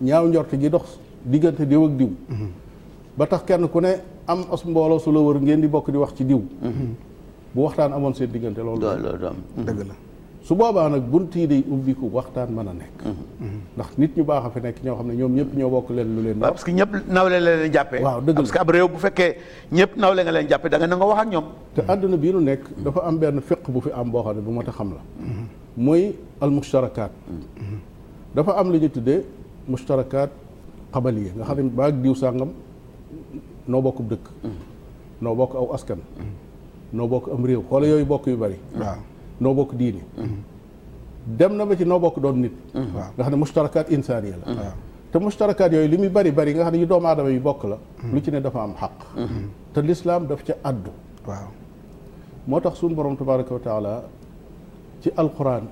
ñaaw njort gi dox diggante diw ak diw ba tax kenn ku ne am as mbooloo su la wër ngeen di bokk di wax ci diw bu waxtaan amoon seen diggante loolu dëgg la su boobaa nag bunt yi day ubbiku waxtaan mën a nekk ndax nit ñu baax a fi nekk ñoo xam ne ñoom ñëpp ñoo bokk leen lu leen parce que ñëpp nawle la leen jàppee waaw dëgg réew bu fekkee ñëpp nawle nga leen jàppee da nga na nga ñoom te àdduna bii lu nekk dafa am benn fiq bu fi am boo xam ne bu ma xam la mooy al dafa am lu ñu tuddee mustarakaat xabaliya nga xam ne baag diw sàngam noo bokk dëkk noo bokk aw askan noo bokk am réew xoola yooyu bokk yu bari waaw noo bokk diini dem na ma ci noo bokk doon nit nga xam ne mustarakaat insaaniya la te mustarakaat yooyu li muy bari bari nga xam ne yu doomu aadama yu bokk la hmm. lu ci ne dafa am xaq hmm. te lislaam daf ci addu waaw moo tax suñu borom tabaraka wa ci alquran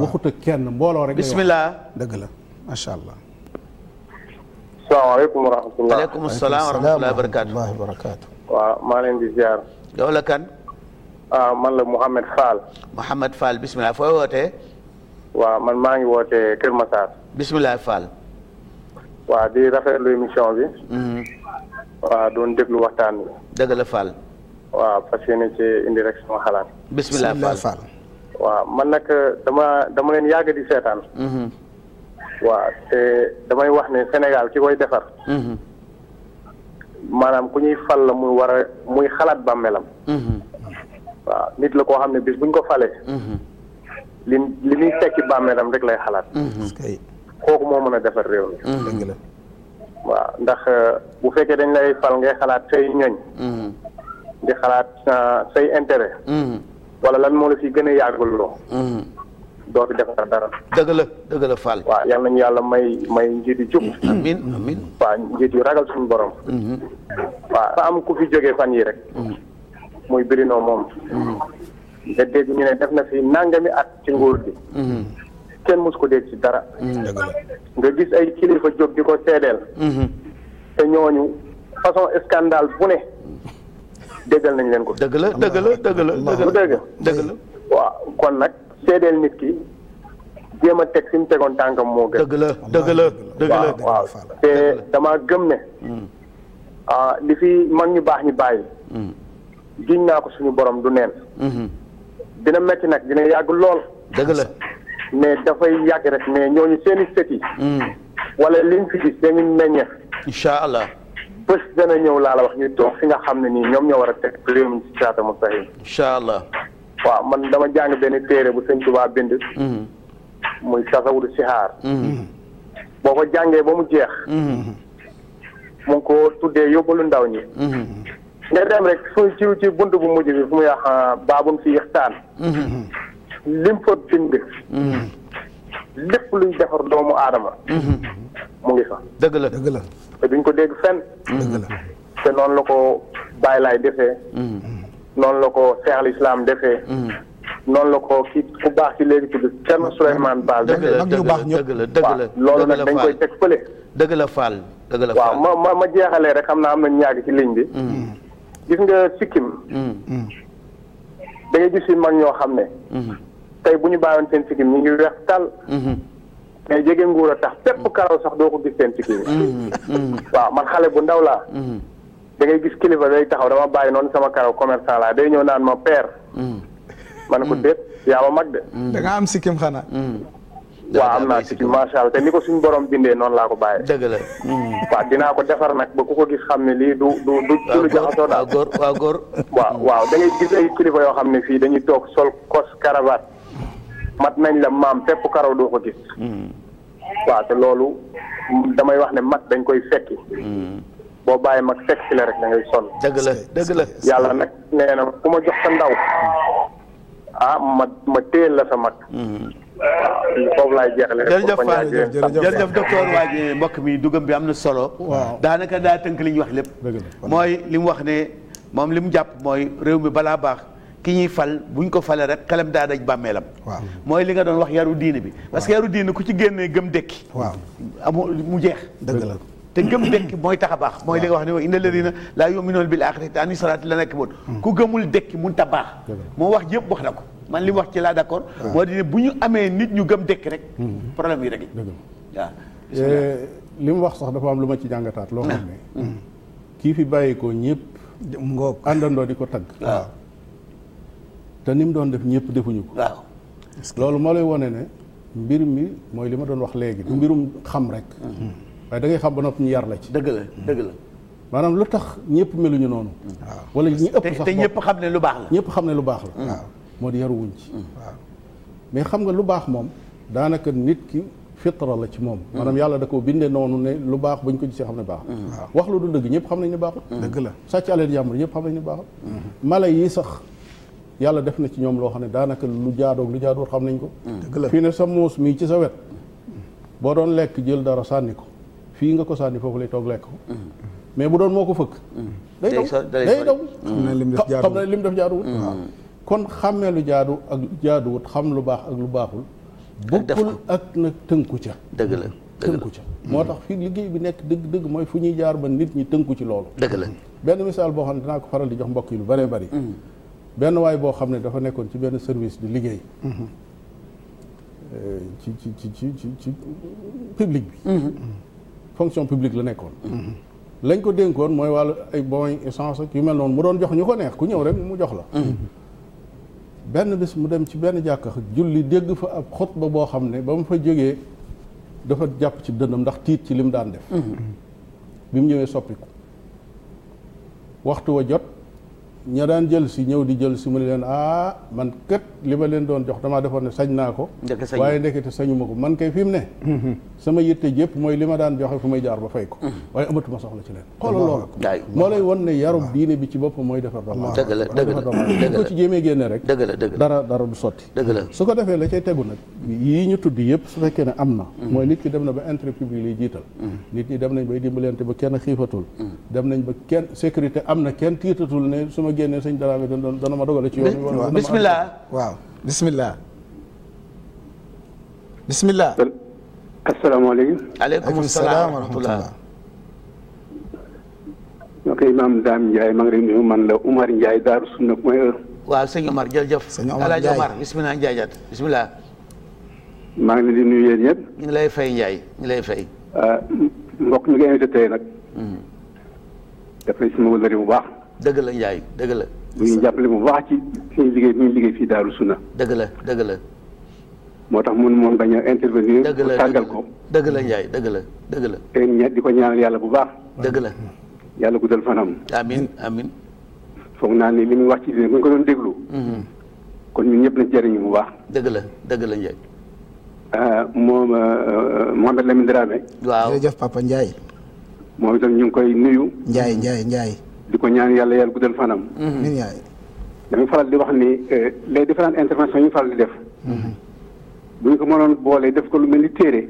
waxut ak kenn mbooloo rek bismillah dëgg la macha allah salaamaaleykum wa rahmatullah aleykum salaam wa rahmatullah ah man la Mouhamed Fall. Mouhamed Fall bisimilah fooy wootee. waaw man maa ngi wootee Kër Massar. bisimilah Fall. waaw di rafetlu émission bi. Mhm. waaw doon déglu waxtaan bi. dëgg la Fall. waaw parce que ci indirection rek sama xalaat. bisimilah Fall waaw man nag euh, dama dama leen yàgg di seetaan. Mhm. waaw te damay wax ne Sénégal ki koy defar. Mhm. maanaam ku ñuy fal la muy war muy xalaat bàmmeelam. waaw nit la koo xam ne bis buñ ko falee. Mhm. li li muy tekki bàmmeelam rek lay xalaat. Mhm. kooku moo mën a defar réew mi. Mhm. waaw ndax euh, bu fekkee dañ lay fal ngay xalaat say ñoñ. di xalaat euh, say intérêt. wala lan moo la fi gën a yàggul loo. doo fi defar dara. dëgg la dëgg la Fall. waaw yàlla may may njiit yu jub. amiin amiin. waaw njiit yu ragal suñu borom. waaw fa am ku fi jógee fan yi rek. muy Bruno moom. nga mm-hmm. dégg ñu ne def na fi nangami at ci nguur gi. Mm-hmm. kenn mus ko dégg ci dara. Mm-hmm. nga gis ay kilifa jóg di ko seedeel. te ñooñu façon scandale bu ne déggal nañ leen ko. dëgg la dëgg dëgg la dëgg waaw kon nag seedeel nit ki jéem a teg fi mu tegoon tànkam moo gën. dëgg la dëgg waaw te damaa gëm ne. ah li fi mag ñu baax ñu bàyyi. giñ naa ko suñu borom du neen. Mhm. dina metti nag dina yàgg lool. dëgg la mais dafay yàgg rek mais ñooñu seen i sët yi. Mhm. wala liñ fi gis dañuy meññeef. incha allah. bés dana ñëw laa la wax ñu toog si nga xam ne nii ñoom ñoo war a teg réew mi ci saata mustaqim. incha allah. waaw man dama jàng benn téere bu sëñ Tuubaa bind. Mhm. muy tasawudu sihaar. boo ko jàngee ba mu jeex. mu ngi ko tuddee yóbbalu ndaw ñi. nga dem rek fu ci ci bunt bu mujj bi fu mu yàq ah, baabun fi ixtaan mm-hmm. lim fa bind mm-hmm. lépp defar doomu aadama mm-hmm. mu ngi fa dëgg dëgg la duñ ko dégg fenn dëgg la ko Baay Laay defee noonu la ko Seex Islaam defee noonu la ko kii ku baax ci léegi tudd Cerno Souleymane Baal dëgg la dëgg la dëgg la loolu dañ koy teg fële dëgg la dëgg la Fall waaw ma ma jeexalee rek xam naa am na ñaagi ci ligne bi gis nga sikkim mm. Mm. da gis fi mag ñoo xam ne mm-hmm. tey bu ñu bàyyoon seen sikkim ñu ngi weex tal mm-hmm. mais jege nguur a tax pepp mm-hmm. karaw sax doo ko gis seen sikkim waaw man xale bu ndaw laa dangay gis kilifa day taxaw dama bàyyi noonu sama karaw commerçant laa day ñëw naan ma père man ko déet yaa ma mag de da am sikkim xanaa waaw am naa si ci macha allah te ni ko suñu borom bindee noonu laa ko bàyyee. dëgg la. Hmm. waaw dinaa ko defar nag ba ku ko gis xam ne lii du du du. lu daal waaw góor waaw góor. waaw waaw gis ay kilifa yoo xam ne fii dañuy toog sol kos cravate mat nañ la maam fépp karaw doo ko gis. Hmm. waaw te loolu damay wax ne mat dañ koy fekki. Hmm. boo bàyyi mag fekk si la rek da ngay sonn. dëgg la dëgg la. yàlla nag nee na ku ma jox sa ndaw. ah ma ma téyel la sa mat waaw foofu laay jeexalee. jërëjëf Fane jërëjëf docteur Waje mbokk mi dugam bi am na solo. waaw daanaka daa tënk li ñu wax lépp. mooy li mu wax ne moom li mu jàpp mooy réew mi balaa baax ki ñuy fal bu ñu ko falee rek xelam daa daj bàmmeelam. waaw mooy li nga doon wax yaru diine bi. parce que yaru diine ku ci génnee gëm dëkki. waaw amoo mu jeex. dëgg la. te gëm dekki mooy tax a baax mooy li nga wax ne mooy inna alladina laa yuminuuna bil axirati an salaati la nekk boon ku gëmul dekki mun ta baax moo wax yëpp wax na ko man li wax ci laa d'accord. Ah. moo di ne bu ñu amee nit ñu gëm dëkk rek. Hmm. problème yi rek la. Eh, li mu wax sax dafa am lu ma ci jàngataat loo ah. hmm. fi bàyyi ko ñëpp. ngoog àndandoo di ko tagg. Ah. te ni mu doon def ñëpp defuñu ko. loolu ma lay wane ne mbir mi mooy li ma doon wax léegi. du hmm. mbirum xam rek. waaye da ngay xam ba nopp ñu yar la ci. dëgg la dëgg la. maanaam lu tax ñëpp meluñu noonu. waaw wala ñi ëpp sax te ñëpp xam ne lu baax la. ñëpp xam ne lu baax la. moo di yaruwuñ ci hmm. waaw mais xam lu baax moom daanaka nit ki fitra la ci moom hmm. maanaam yàlla da ko bindee noonu ne lu baax buñ ko gisee xam ne baax hmm. wax lu du dëgg ñëpp xam nañ ne baaxul dëgg la sàcc alal jàmbur ñëpp xam nañ mala yi sax yàlla def na ci ñoom loo xam ne daanaka lu jaadoog lu jaadoor xam nañ ko dëgg la fii ne sa muus mii ci sa wet boo doon lekk jël dara sànni ko fii nga ko sànni foofu lay toog lekk ko mais bu doon moo ko fëkk day daw xam na lim def jaaduwul kon xàmmee lu jaadu ak jaaduwut xam lu baax ak lu baaxul bokkul ak nag tënku ca dëgg la tënku ca moo tax fii liggéey bi nekk dëgg dëgg mooy fu ñuy jaar ba nit ñi tënku ci loolu dëgg la benn misaal boo xam ne dinaa ko faral di jox mbokk yi lu bëree bëri mm-hmm. benn waay boo xam ne dafa nekkoon ci benn service di liggéey mm-hmm. eh, ci ci ci ci ci ci public bi mm-hmm. fonction publique la nekkoon lañ ko dénkoon mooy wàllu ay bon essence ak yu mel noonu mu doon jox ñu ko neex ku ñëw rek mu jox la benn bis mu dem ci benn jàkka julli dégg fa ab xutba boo xam ne ba mu fa jógee dafa jàpp ci dëndam ndax tiit ci li mu daan def mm-hmm. bi mu ñëwee soppiku waxtu wa jot ña daan jël si ñëw di jël si mu ne leen ah man kët li ma leen doon jox damaa defoon ne sañ naa ko waaye ndekete sañu ma ko man kay fi mu ne mhm. sama yitte jëpp mooy li ma daan joxe fu may jaar ba fay ko mhm. waaye amatuma soxla ci leen xoolal loolu moo lay wan ne yarub diine bi ci boppam mooy defar doomu dëgg la dëgg la ko ci jéemee génne rek dëgg dara du sotti su ko defee la cay tegu nag yii ñu tudd yëpp su fekkee ne am na mhm. mooy nit ki dem na ba intérêt public lay jiital nit ñi dem nañ bay dimbalante ba kenn xiifatul dem nañ ba kenn na kenn tiitatul génnee sëñ Dramé dana ma ci yoon waaw bismillah bismillah asalaamaaleykum aleykum salaam wa rahmatullah ok maam ngi lay nuyu man la Umar Ndiaye Daaru Sunna mooy waaw sëñ Omar jërëjëf sëñ Omar Alaaji bismillah Ndiaye bismillah maa ngi di nuyu yéen ñëpp ñu ngi lay fay Ndiaye ñu ngi lay fay ah, mbokk mi nga invité tey nag mm-hmm. dafay suma wëllëri baax dëgg la Ndiaye dëgg la. ñu ngi jàppale bu baax ci seen liggéey liggéey fii Daaru Sunna. dëgg la dëgg la. moo tax mun moom bañ a intervenir. dëgg la tàggal ko. dëgg la Ndiaye dëgg la dëgg la. te ña di ko ñaanal yàlla bu baax. dëgg la. yàlla guddal fanam. amin amin foog naa ne li mu wax ci biir bu ko doon déglu. Mhm. kon ñun ñëpp nañ bu baax. dëgg dëgg la Ndiaye. Ah, moom euh, euh, Mouhamed Lamine Dramé. waaw jërëjëf Papa Ndiaye. moom itam ñu ngi koy nuyu. Ndiaye Ndiaye Ndiaye. di ko ñaan yàlla yàlla guddal fanam. damay faral di wax ni euh, les différentes interventions yi ñu faral di def. bu ñu ko mënoon boolee def ko lu mel ni téere.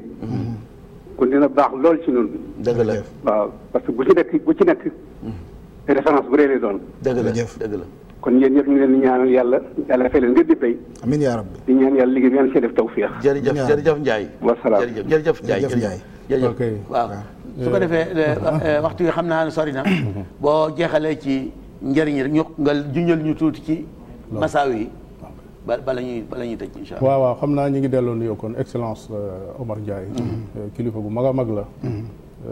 kon dina baax lool ci ñun. dëgg la waaw parce que bu ci nekk bu ci nekk. Mm-hmm. référence bu rëy lay doon. dëgg la dëgg la. kon yéen ñëpp ñu yàlla yàlla di béy. amiin yaa rabbi di ñaan yàlla liggéey bi ngeen see def tawféex. jërëjëf jërëjëf Ndiaye. wasalaam jërëjëf jërëjëf Ndiaye jërëjëf. ok waaw su ko eh, eh, eh, xam naa ne sori na boo jeexalee ci njëriñ rek ñu nga junjal ñu tuuti ci masaaw yi ba bala ñuy bala ñuy tëj incha allah. waaw xam naa ñu ngi delloo nuyoo kon excellence euh, Omar njaay mm-hmm. euh, kilifa bu mag a mag la. Mm-hmm.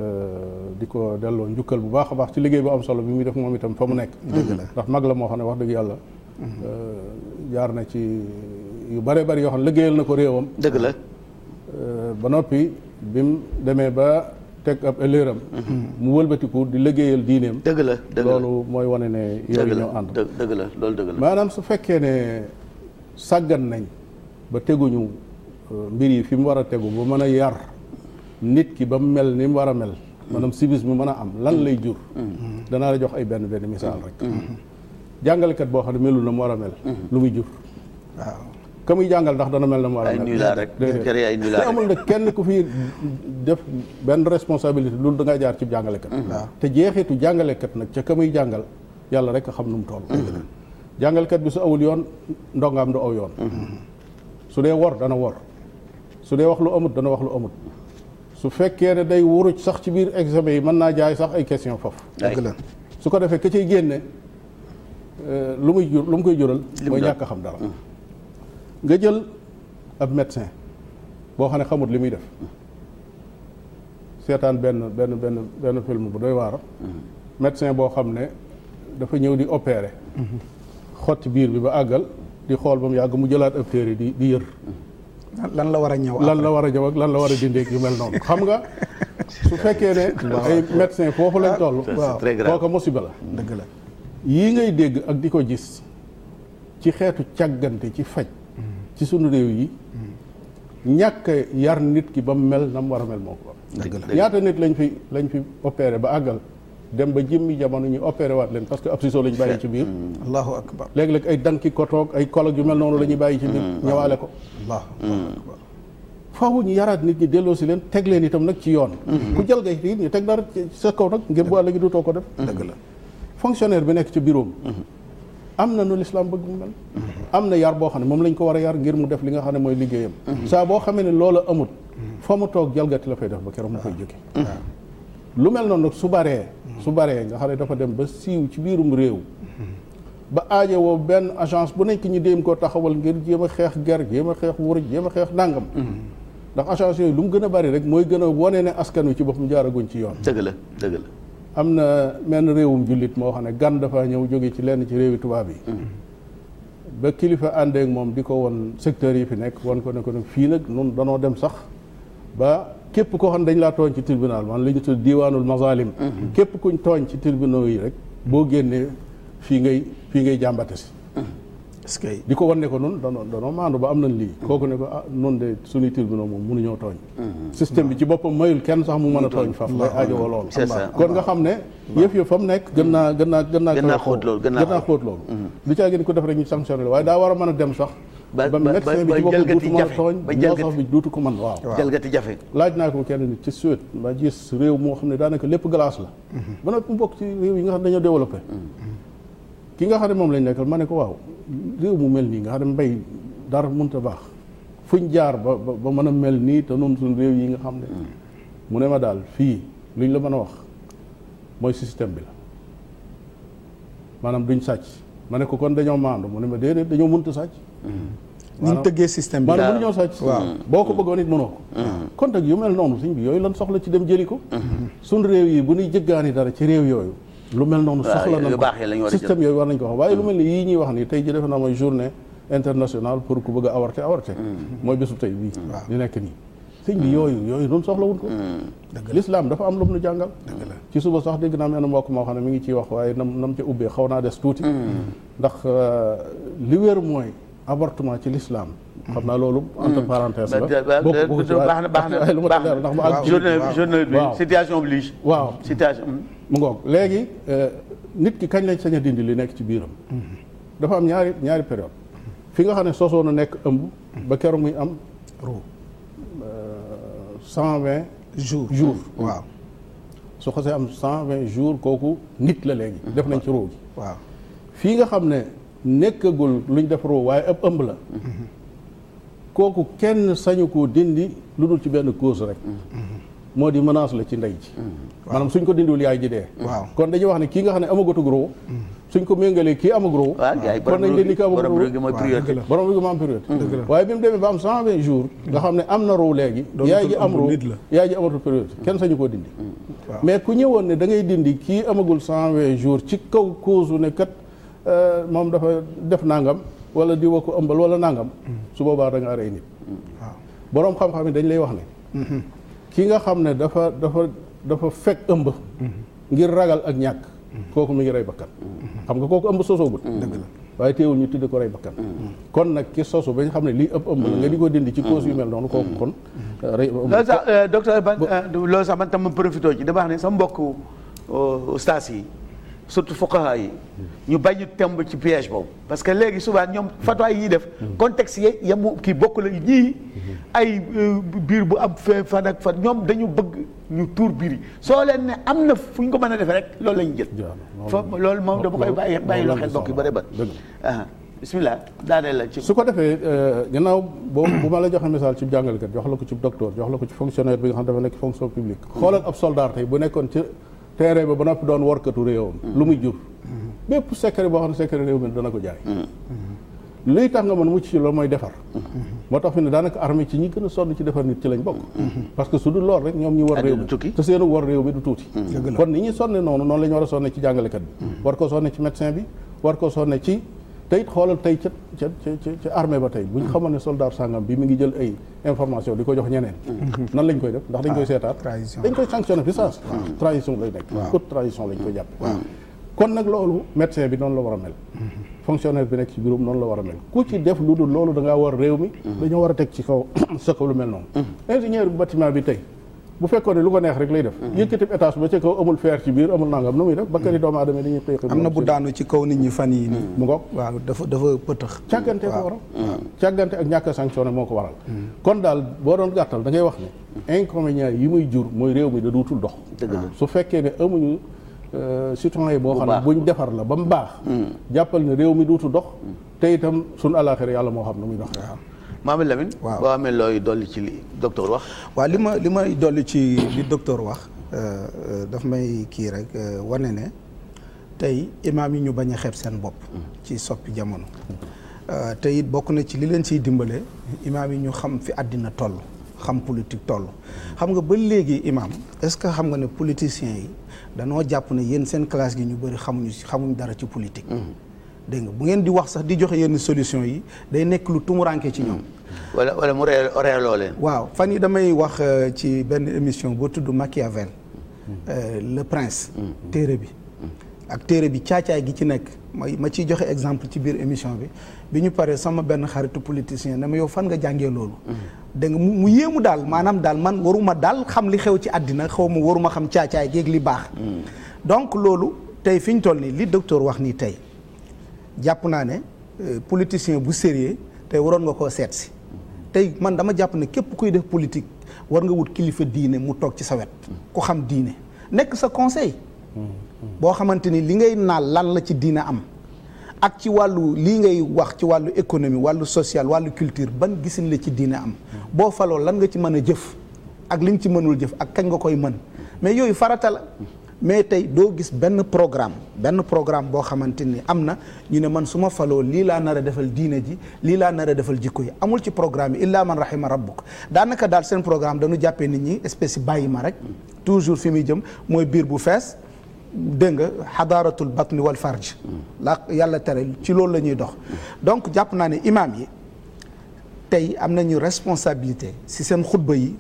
Euh, di ko delloo njukkal bu baax a baax ci liggéey bu am solo bi muy def moom itam fa mu nekk. ndax mag la moo xam ne wax dëgg yàlla. Mhm. Euh, jaar na ci yu bare bari yoo xam ne liggéeyal na ko réewam. dëgg la. Euh, ba noppi bi mu demee ba teg ab ëllëram. Mhm. mu wëlbatiku di liggéeyal diineem. dëgg la dëgg la loolu mooy wane ne. yooyu ñoo ànd dëgg la loolu dëgg la. maanaam su fekkee ne sàggan nañ ba teguñu mbir yi fi mu war a tegu ba mën a yar. nit ki ba mu mel ni mu war a mel maanaam civisme bi mën a am lan lay jur danaa la jox ay benn benn misaal rek jàngalekat boo xam ne melul na mu lu muy jur waaw ka jàngal ndax dana mel na mu war a ay nulaa rek nag kenn ku fi def benn responsabilité lu da ngaa jaar ci jàngalekat te jeexeetu jàngalekat nag ca ka muy jàngal yàlla rek xam nu mu toll jàngalkat bi su awul yoon ndongaam du aw yoon su dee wor dana wor su dee wax lu amut dana wax lu amut su fekkee ne day wuruj sax ci biir examen yi mën naa jaay sax ay question foofu dëgg la su ko defee ka cay génne euh, lu muy jur lu mu koy jural mooy ñàkk xam dara mm. nga jël ab médecin boo xam ne xamut li muy def mm. seetaan benn benn benn benn film bu doy waar mm. médecin boo xam ne dafa ñëw di opérer mm-hmm. xotti biir bi ba àggal di xool ba mu yàgg mu jëlaat ab téere di di yër lan la war a ñëw lan la war a ñëw ak lan la war a dindi ak yu mel noonu xam nga su fekkee ne ay médecin foofu lañ toll kooka musiba la la yii ngay dégg ak di ko gis ci xeetu càggante ci faj ci sunu réew yi ñàkk yar nit ki ba mu mel na mu war a mel moo ko ñaata nit lañ fi lañ fi opéré ba àggal dem ba jëmmi jamono ñu opéré waat leen parce que ab siso la ñu bàyyi ci biir allahu akbar léeg-léeg ay danki kotoog ay kolog yu mel noonu la ñuy bàyyi ci biir mm-hmm. ñëwaale ko allahu akbar ñu yaraat nit ñi delloo si leen teg leen itam nag ci yoon mm-hmm. ku jël gay ñu teg dara sa kaw nag ngir bu léegi dutoo ko def mm-hmm. dëgg la fonctionnaire bi nekk ci bureau am na nu lislaam bëgg am na yar boo xam ne moom lañ ko war a yar ngir mu def li nga xam ne mooy liggéeyam saa boo xamee ne loola amut fa mu toog jalgati la fay def ba keroog mu koy ah. jóge lu mel noonu su baree su baree nga xam ne dafa dem ba siiw ci biirum réew ba aaje woo benn agence bu nekk ñi dém koo taxawal ngir jéem a xeex ger jéem a xeex wuruj jéem a xeex nàngam ndax agence yooyu lu mu gën a bari rek mooy gën a wone ne askan wi ci boppam jaaraguñ ci yoon dëgg la am na menn réewum jullit moo xam ne gan dafa ñëw jóge ci lenn ci réewi tubaab yi mm-hmm. ba kilifa àndeek moom di ko won secteur yi fi nekk won ko ne nag fii nag nun danoo dem sax képp koo xam dañ laa tooñ ci tribunal man li ñu tudd diwaanul mazalim mhm. képp kuñ tooñ ci tribunaux yi rek boo génnee fii ngay fii ngay jàmbate si mhm. est-ce que di ko wan ne ko noonu danoo danoo maandu ba am nañ lii mhm. kooku ne ko ah noonu de suñuy tribunaux moom mënuñoo tooñ système bi ci boppam mayul kenn sax mu mën a tooñ faf lay aajowoo loolu kon nga xam ne yëf yëf fa mu nekk gën naa gën naa gën naa xóot loolu gën naa xóot loolu du caa gën ko def rek ñu sanctionné waaye daa war a mën a dem sax ba ba ba jalgati jafe ba jalgati bi duutu ko mën waaw. jalgati jafe. laaj naa ko kenn ci Suède ba gis réew moo xam ne daanaka lépp glace la. Mhm. ba noppi mu bokk ci réew yi nga xam ne dañoo mhm. ki nga xam ne moom lañ nekkal ma ne ko waaw mu mel nii nga xam ne mbay dara mënut a baax fuñ jaar ba ba mën a mel nii te noonu suñu réew yi nga xam ne. Mhm. mu ne ma daal fii luñ la mën a wax mooy système bi la maanaam duñ sàcc ma ne ko kon dañoo maandu mu ne ma déedéet dañoo mënut sàcc. ni ñu tëggee système bi maanaam mënuñoo sàcc waaw boo ko bëggoon it mënoo ko mm-hmm. kon nag yu mel noonu suñ yooyu lan soxla ci dem jëli ko mm-hmm. suñ bu ñuy jëggaani dara ci réew yooyu lu mel noonu soxla na système yooyu war nañ ko wax waaye lu mm-hmm. mel ni ñuy wax ni tey ji defe naa mooy journée pour ku bëgg a avorté avorté mooy bésu tey bii di nekk nii sëñ bi yooyu yooyu noonu soxla wun ko dëgg lislaam dafa am lu mu nu ci suba sax dégg naa mel mbokk moo xam ne mi ngi ciy wax waaye nam nam ca ubbee xaw naa des tuuti ndax euh, li wér mooy aportement ci lislaam mhm. xam naa loolu. entre mhm. parenthèse la bokk baax ne baax na ndax ma ak journée journée bi waaw situation. mu ngoog léegi euh, nit ki kañ lañ sañ a dindi li nekk ci biiram. Mhm. dafa am ñaari ñaari période. fi nga xam ne soo na nekk ëmb. ba keroog muy am. ru euh, cent jour jours waaw. su xasee am cent vingt jours kooku nit la léegi. def nañ ci ruu gi. waaw fii nga xam ne. lu ñu def ruu waaye ëpp ëmb la kooku kenn sañu koo dindi lu dul ci benn cause rek moo di menace la ci ndey ji maanaam suñ ko dindiwul yaay ji dee waaw kon dañuy wax ne kii nga xam ne amagutug ruu suñ ko méngalee kii kii amag ruu borom gi am waaye bi mu demee xam ne am na ruu léegi yaay ji am ruu yaay ji amatul priorité kenn sañu koo dindi mais ku ñëwoon ne da ngay dindi kii amagul cent vingt ci kaw cause ne kat Euh, moom dafa def nangam wala diwa ko ëmbal wala nangam. Mm. su boobaa da nga rey nit. Mm. waaw boroom xam-xam yi dañ lay wax ne. Mm-hmm. ki nga xam ne dafa dafa dafa fekk ëmb. Mm-hmm. ngir ragal ak ñàkk. Mm-hmm. kooku mu ngi rey bakkan. xam nga kooku ëmb sosoogul. dëgg la waaye teewul ñu tudd ko rey bakkan. kon nag ki sosu ba ñu xam ne lii ëpp ëmb la nga di ko dindi ci cause yu mel noonu kooku kon. Euh, rey ëmb loolu sax euh, docteur Ban loolu sax man tam ma profité ci dama wax ne sa mbokk ustaas yi. surtout fuqaha yi ñu bañu temb ci piège boobu parce que léegi souvent ñoom fatwa yi def contexte ye yamu kii bokk la ñii ay euh, biir bu am fe fan ak fan ñoom dañu bëgg ñu tuur biir yi soo leen ne am na fu ñu ko mën a defee rek loolu la jël loolu moom dama koy bàyyi bàyyi loo xel mbokk yu bëri a bismillah daaneel la su ko defee euh, gannaaw boo bu ma la joxe misaal ci jàngalekat jox la ko ci docteur jox la ko ci fonctionnaire bi nga xam dafa nekk fonction hmm. nekkoon terrain ba ba noppi doon warkatu réewam mm. lu muy jur bépp secret boo xam ne secret réew mi dana ko jaay mm. luy tax nga mën mu ci loolu mooy defar mm. moo tax fi ne daanaka armée ci ñi gën sonn ci defar nit ci lañ bokk parce que su dul lool rek ñoom ñu war réew mi te seenu war réew mi du tuuti kon ni ñu sonne noonu noonu la ñu war a sonne ci jàngalekat bi war ko sonne ci médecin bi war ko sonne ci te it xoolal tey ca ca ca ba tey bu ñu xamoon ne sàngam bi mi ngi jël ay information di ko jox ñeneen mm-hmm. nan lañ koy def ndax dañ koy ah, seetaat dañ koy sanctionné fi saas trahison lay lañ koy jàppe kon nag loolu médecin bi noonu la war a mel mm-hmm. fonctionnaire bi nekk ci bureau noonu la war a mel ku ci def lu dul loolu da ngaa war réew mi mm-hmm. dañoo war a teg ci kaw sa kaw lu mel noonu bi bâtiment bi tey bu fekkoon ne lu ko neex rek lay def mhm. yëkkati étage ba ca kaw amul feer ci biir amul nangam nu muy def mhm. bakkani doomu aadama na bu daanu ci nit ñi fan yi nii mhm. mu ngoog dafa dafa pëtëx càggante ko waral ak ñàkk sanction moo ko waral kon daal boo doon gàttal da ngay wax ne inconvénient yi muy jur mooy réew mi da duutul dox su fekkee ne amuñu euh, citoyen boo xam ne buñ defar la ba mu baax jàppal ne réew mi duutul dox te itam suñ àllaaxira yàlla moo xam ne muy dox Mamadou Lamine. waaw boo amee dolli ci li docteur wax. waaw li ma li may dolli ci li docteur wax euh, euh, daf may kii rek euh, wane ne tey imaam yi ñu bañ a xeeb seen bopp. Mm. ci soppi jamono. te it bokk na ci li leen siy dimbale imaam yi ñu xam fi àddina toll xam politique toll xam nga ba léegi imaam est-ce que xam nga ne politiciens yi danoo jàpp ne yéen seen classe gi ñu bëri xamuñu xamuñ dara ci politique. Mm. dégg nga bu ngeen di wax sax di joxe yenn solution yi day nekk lu tumuranke ci ñoom. wala wala mu ree reeloo leen. waaw fan yi damay wax euh, ci benn émission boo tudd Machiavel. Euh, le prince. Mm. Mm. téere bi. ak téere bi caacaay gi ci nekk mooy ma ciy joxe exemple ci biir émission bi bi ñu paree sama benn xaritu politicien ma yow fan nga jàngee loolu. Mm. da nga mu yéemu daal maanaam daal man waruma daal xam li xew ci àddina xaw ma waruma xam caacaay géeg li baax. donc loolu tey fi ñu toll nii li docteur wax nii tey. jàpp naa ne euh, politicien bu sérieux tey waroon nga koo seet si tey man dama jàpp na képp kuy def politique war nga wut kilifa diine mu toog ci sa wet ku xam diine nekk sa conseil boo xamante ni li ngay naal lan la ci diine am ak ci wàllu lii ngay wax ci wàllu économie wàllu sociale wàllu culture ban gisin la ci diine am boo faloo lan nga ci mën a jëf ak li liñ ci mënul jëf ak kañ nga koy mën mais yooyu farata la mais tey doo gis benn programme benn programme boo xamante ni am na ñu ne man su ma faloo lii laa nar defal diine ji lii laa nar defal jikko yi amul ci programme yi illaa man rahima rabbuk daanaka daal seen programme dañu jàppee nit ñi espèce bàyyi ma rek toujours fi muy jëm mooy biir bu fees dégg nga xadaaratul batni wal farj hmm. la yàlla tere ci loolu la ñuy dox hmm. donc jàpp naa ne imaam yi tey am nañu responsabilité si seen xutba yi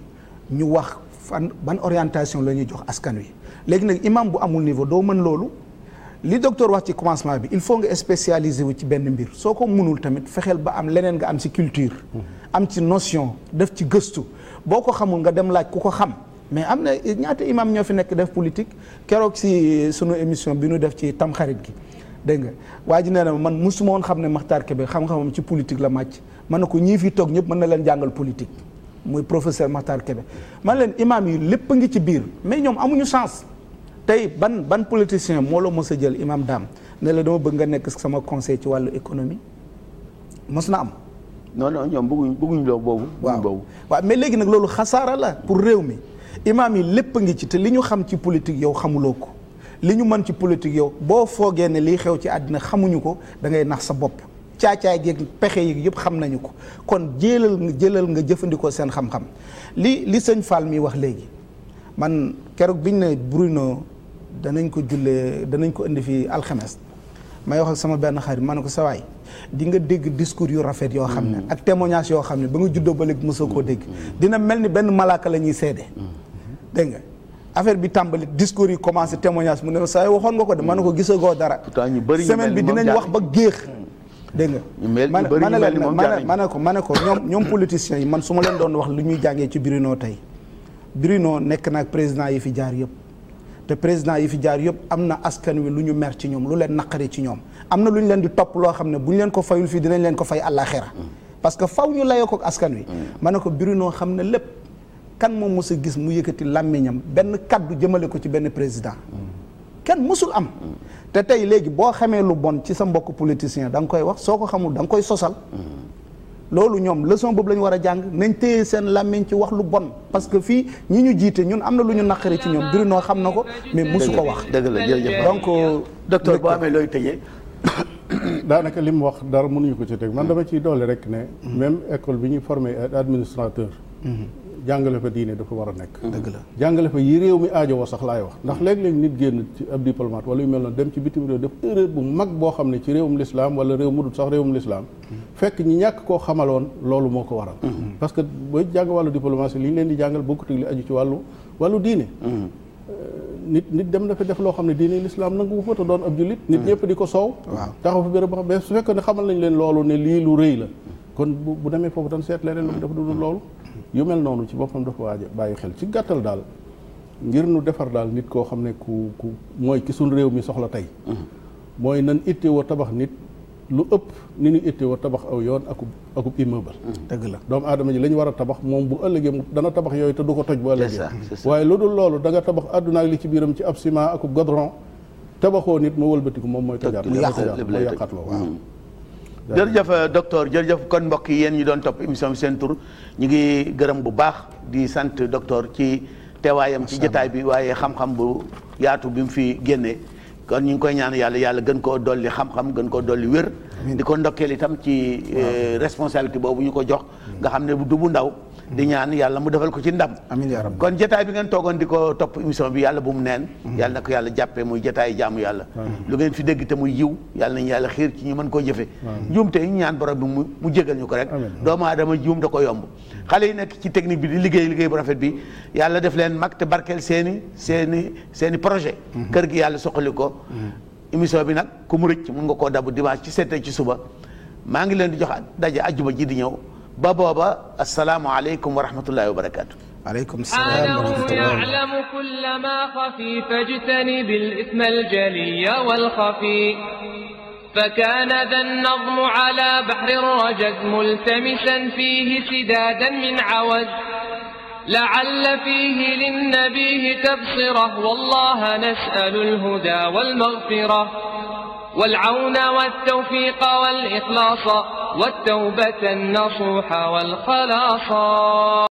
ñu wax fan ban orientation la ñuy jox askan wi léegi nag imam bu amul niveau doo mën loolu li docteur wax ci commencement bi il faut nga spécialiser wu ci benn mbir soo ko mënul tamit fexeel ba am leneen nga am ci culture mm-hmm. am ci notion def ci gëstu boo ko xamul nga dem laaj ku ko xam mais am na ñaata imam ñoo fi nekk def politique keroog ci sunu émission bi nu def ci tamxarit gi dégg nga waa ji nee na man musuma woon xam ne maxtar Kébé xam-xamam ci politique la màcc man na ko ñii fi toog ñëpp mën na leen jàngal politique muy professeur Makhtar man leen imam yi lépp ngi ci biir mais ñoom amuñu chance tey ban ban politicien moo la mos a jël imam Dame ne la dama bëgg nga nekk sama conseil ci wàllu économie mos na am. non ñoom bëgguñ bëgguñ loo boobu. waaw boobu waaw mais léegi nag loolu xasaara la pour réew mi imaam yi lépp ngi ci te li ñu xam ci politique yow xamuloo ko li ñu mën ci politique yow boo foogee ne liy xew ci àddina xamuñu ko da ngay nax sa bopp caacaay geeg pexe yi yëpp xam nañu ko kon jëlal nga jëlal nga jëfandikoo seen xam-xam li li sëñ Fall mi wax léegi man keroog biñ ne Bruno. danañ ko jullee danañ ko indi fii alxemes may wax ak sama benn xarit ma ko sa waay di nga dégg discours yu rafet yoo xam ne mm. ak témoignage yoo xam ne ba nga juddoo ba léegi mosoo koo dégg mm. dina mel ni benn malaaka la ñuy seede mm. dégg nga affaire bi tàmbali discours yi commencé témoignage mu ne saa waxoon nga ko de ma ne ko gisagoo dara semaine bi dinañ wax ba géex dégg nga ma ma ne ko ma ne ko ñoom ñoom politiciens yi man su ma leen doon wax lu ñuy jàngee ci Bruno tey Bruno nekk naag président yi fi jaar yëpp te président yi fi jaar yëpp am na askan wi lu ñu mer ci ñoom lu leen naqari ci ñoom am na lu ñu leen di topp loo xam ne bu ñu leen ko fayul fii dinañ leen ko fay àllaaxira parce que faw ñu layee ko askan wi ma ne ko noo xam ne lépp kan moom mos a gis mu yëkkati làmmiñam benn kàddu jëmale ko ci benn président kenn mosul am te tey léegi boo xamee lu bon ci sa mbokk politicien da nga koy wax soo ko xamul da nga koy sosal loolu ñoom leçon boobu lañu war a jàng nañ téye seen làmmiñ ci wax lu bon parce que fii ñi ñu jiite ñun am na lu ñu naqari ci ñoom noo xam na ko mais mosu ko wax. dëgg la jërëjëf donc. Euh, docteur boo amee looy tëjee. daanaka li mu wax dara mënuñu ko ci teg man dama ciy doole rek ne. Mm-hmm. même école bi ñuy former administrateur. Mm-hmm. jàngale fa diine dafa war a nekk. dëgg la jàngale fa yi réew mi aajowoo sax laay wax ndax léeg-léeg nit génn ci ab diplomate wala yu mel noonu dem ci bitim réew def erreur boo xam ne ci réewum wala réew mu dul sax réewum ñàkk koo xamaloon loolu moo ko waral. Mm-hmm. parce que booy jàng wàllu diplomatie li leen di jàngal bokkut ak li aju ci wàllu mm-hmm. euh, nit nit dem na def loo xam ne diine lislaam nangu fa te doon ab jullit. nit mm-hmm. ñëpp di ko soow. waaw taxaw fi béréb boo fekkee ne xamal nañ leen loolu ne lu rëy la kon bu bu demee foofu dañ seet leneen lu dafa loolu yu mel noonu ci boppam dafa waaj bàyyi xel ci gàttal daal ngir nu defar daal nit koo xam ne ku ku mooy ki suñ réew mi soxla tey mm-hmm. mooy nan itte woo tabax nit lu ëpp ni ñu itte woo tabax aw yoon akub akub immeuble mm-hmm. dëgg la doomu aadama ji la ñu war a tabax moom bu ëllëgee dana tabax yooyu te du ko toj bu ëllëgee waaye lu dul loolu danga nga tabax àdduna li ci biiram ci ab ciment akub godron tabaxoo nit mu wëlbatiku moom mooy tojaat mooy yàqaat la waaw mm-hmm. jërëjëf euh, docteur jërëjëf kon mbokk yi yéen ñu doon topp émission bi seen ñu ngi gërëm bu baax di sant docteur ci teewaayam ci jotaay bi waaye xam-xam bu yaatu bi mu fi génnee kon ñu ngi koy ñaan yàlla yàlla gën koo dolli xam-xam gën koo dolli wér di ko ndokkeel itam ci euh, responsabilité boobu ñu ko jox mm. nga xam ne du bu ndaw di ñaan yàlla mu defal ko ci ndam. amiin yaa kon jotaay bi ngeen toogoon di ko topp émission bi yàlla bu mu neen. Mhm. yàlla na yàlla jàppe muy jotaay jaamu yàlla. lu ngeen fi dégg te muy yiw yàlla nañu xiir ci ñu mën koo jëfe juum te ñu ñaan borom bi mu mu jégal ñu ko rek. doomu aadama juum da ko yomb. xale yi nekk ci technique bi di liggéey liggéey bu rafet bi yàlla def leen mag te barkeel seeni seeni seeni projet. Mhm. kër gi yàlla soxali ko. Mhm. émission bi nag ku mu rëcc mun nga koo dabu dimanche ci seetee ci suba maa ngi leen di jox daje ajjuma ji di ñëw ba booba asalaamualeykum wa rahmatullahi wa barakaatu. waaleykum salaam wa rahmatulah. فكان ذا النظم على بحر الرجد ملتمسا فيه سدادا من عوج لعل فيه للنبي تبصره والله نسأل الهدى والمغفرة والعون والتوفيق والإخلاص والتوبة النصوح والخلاص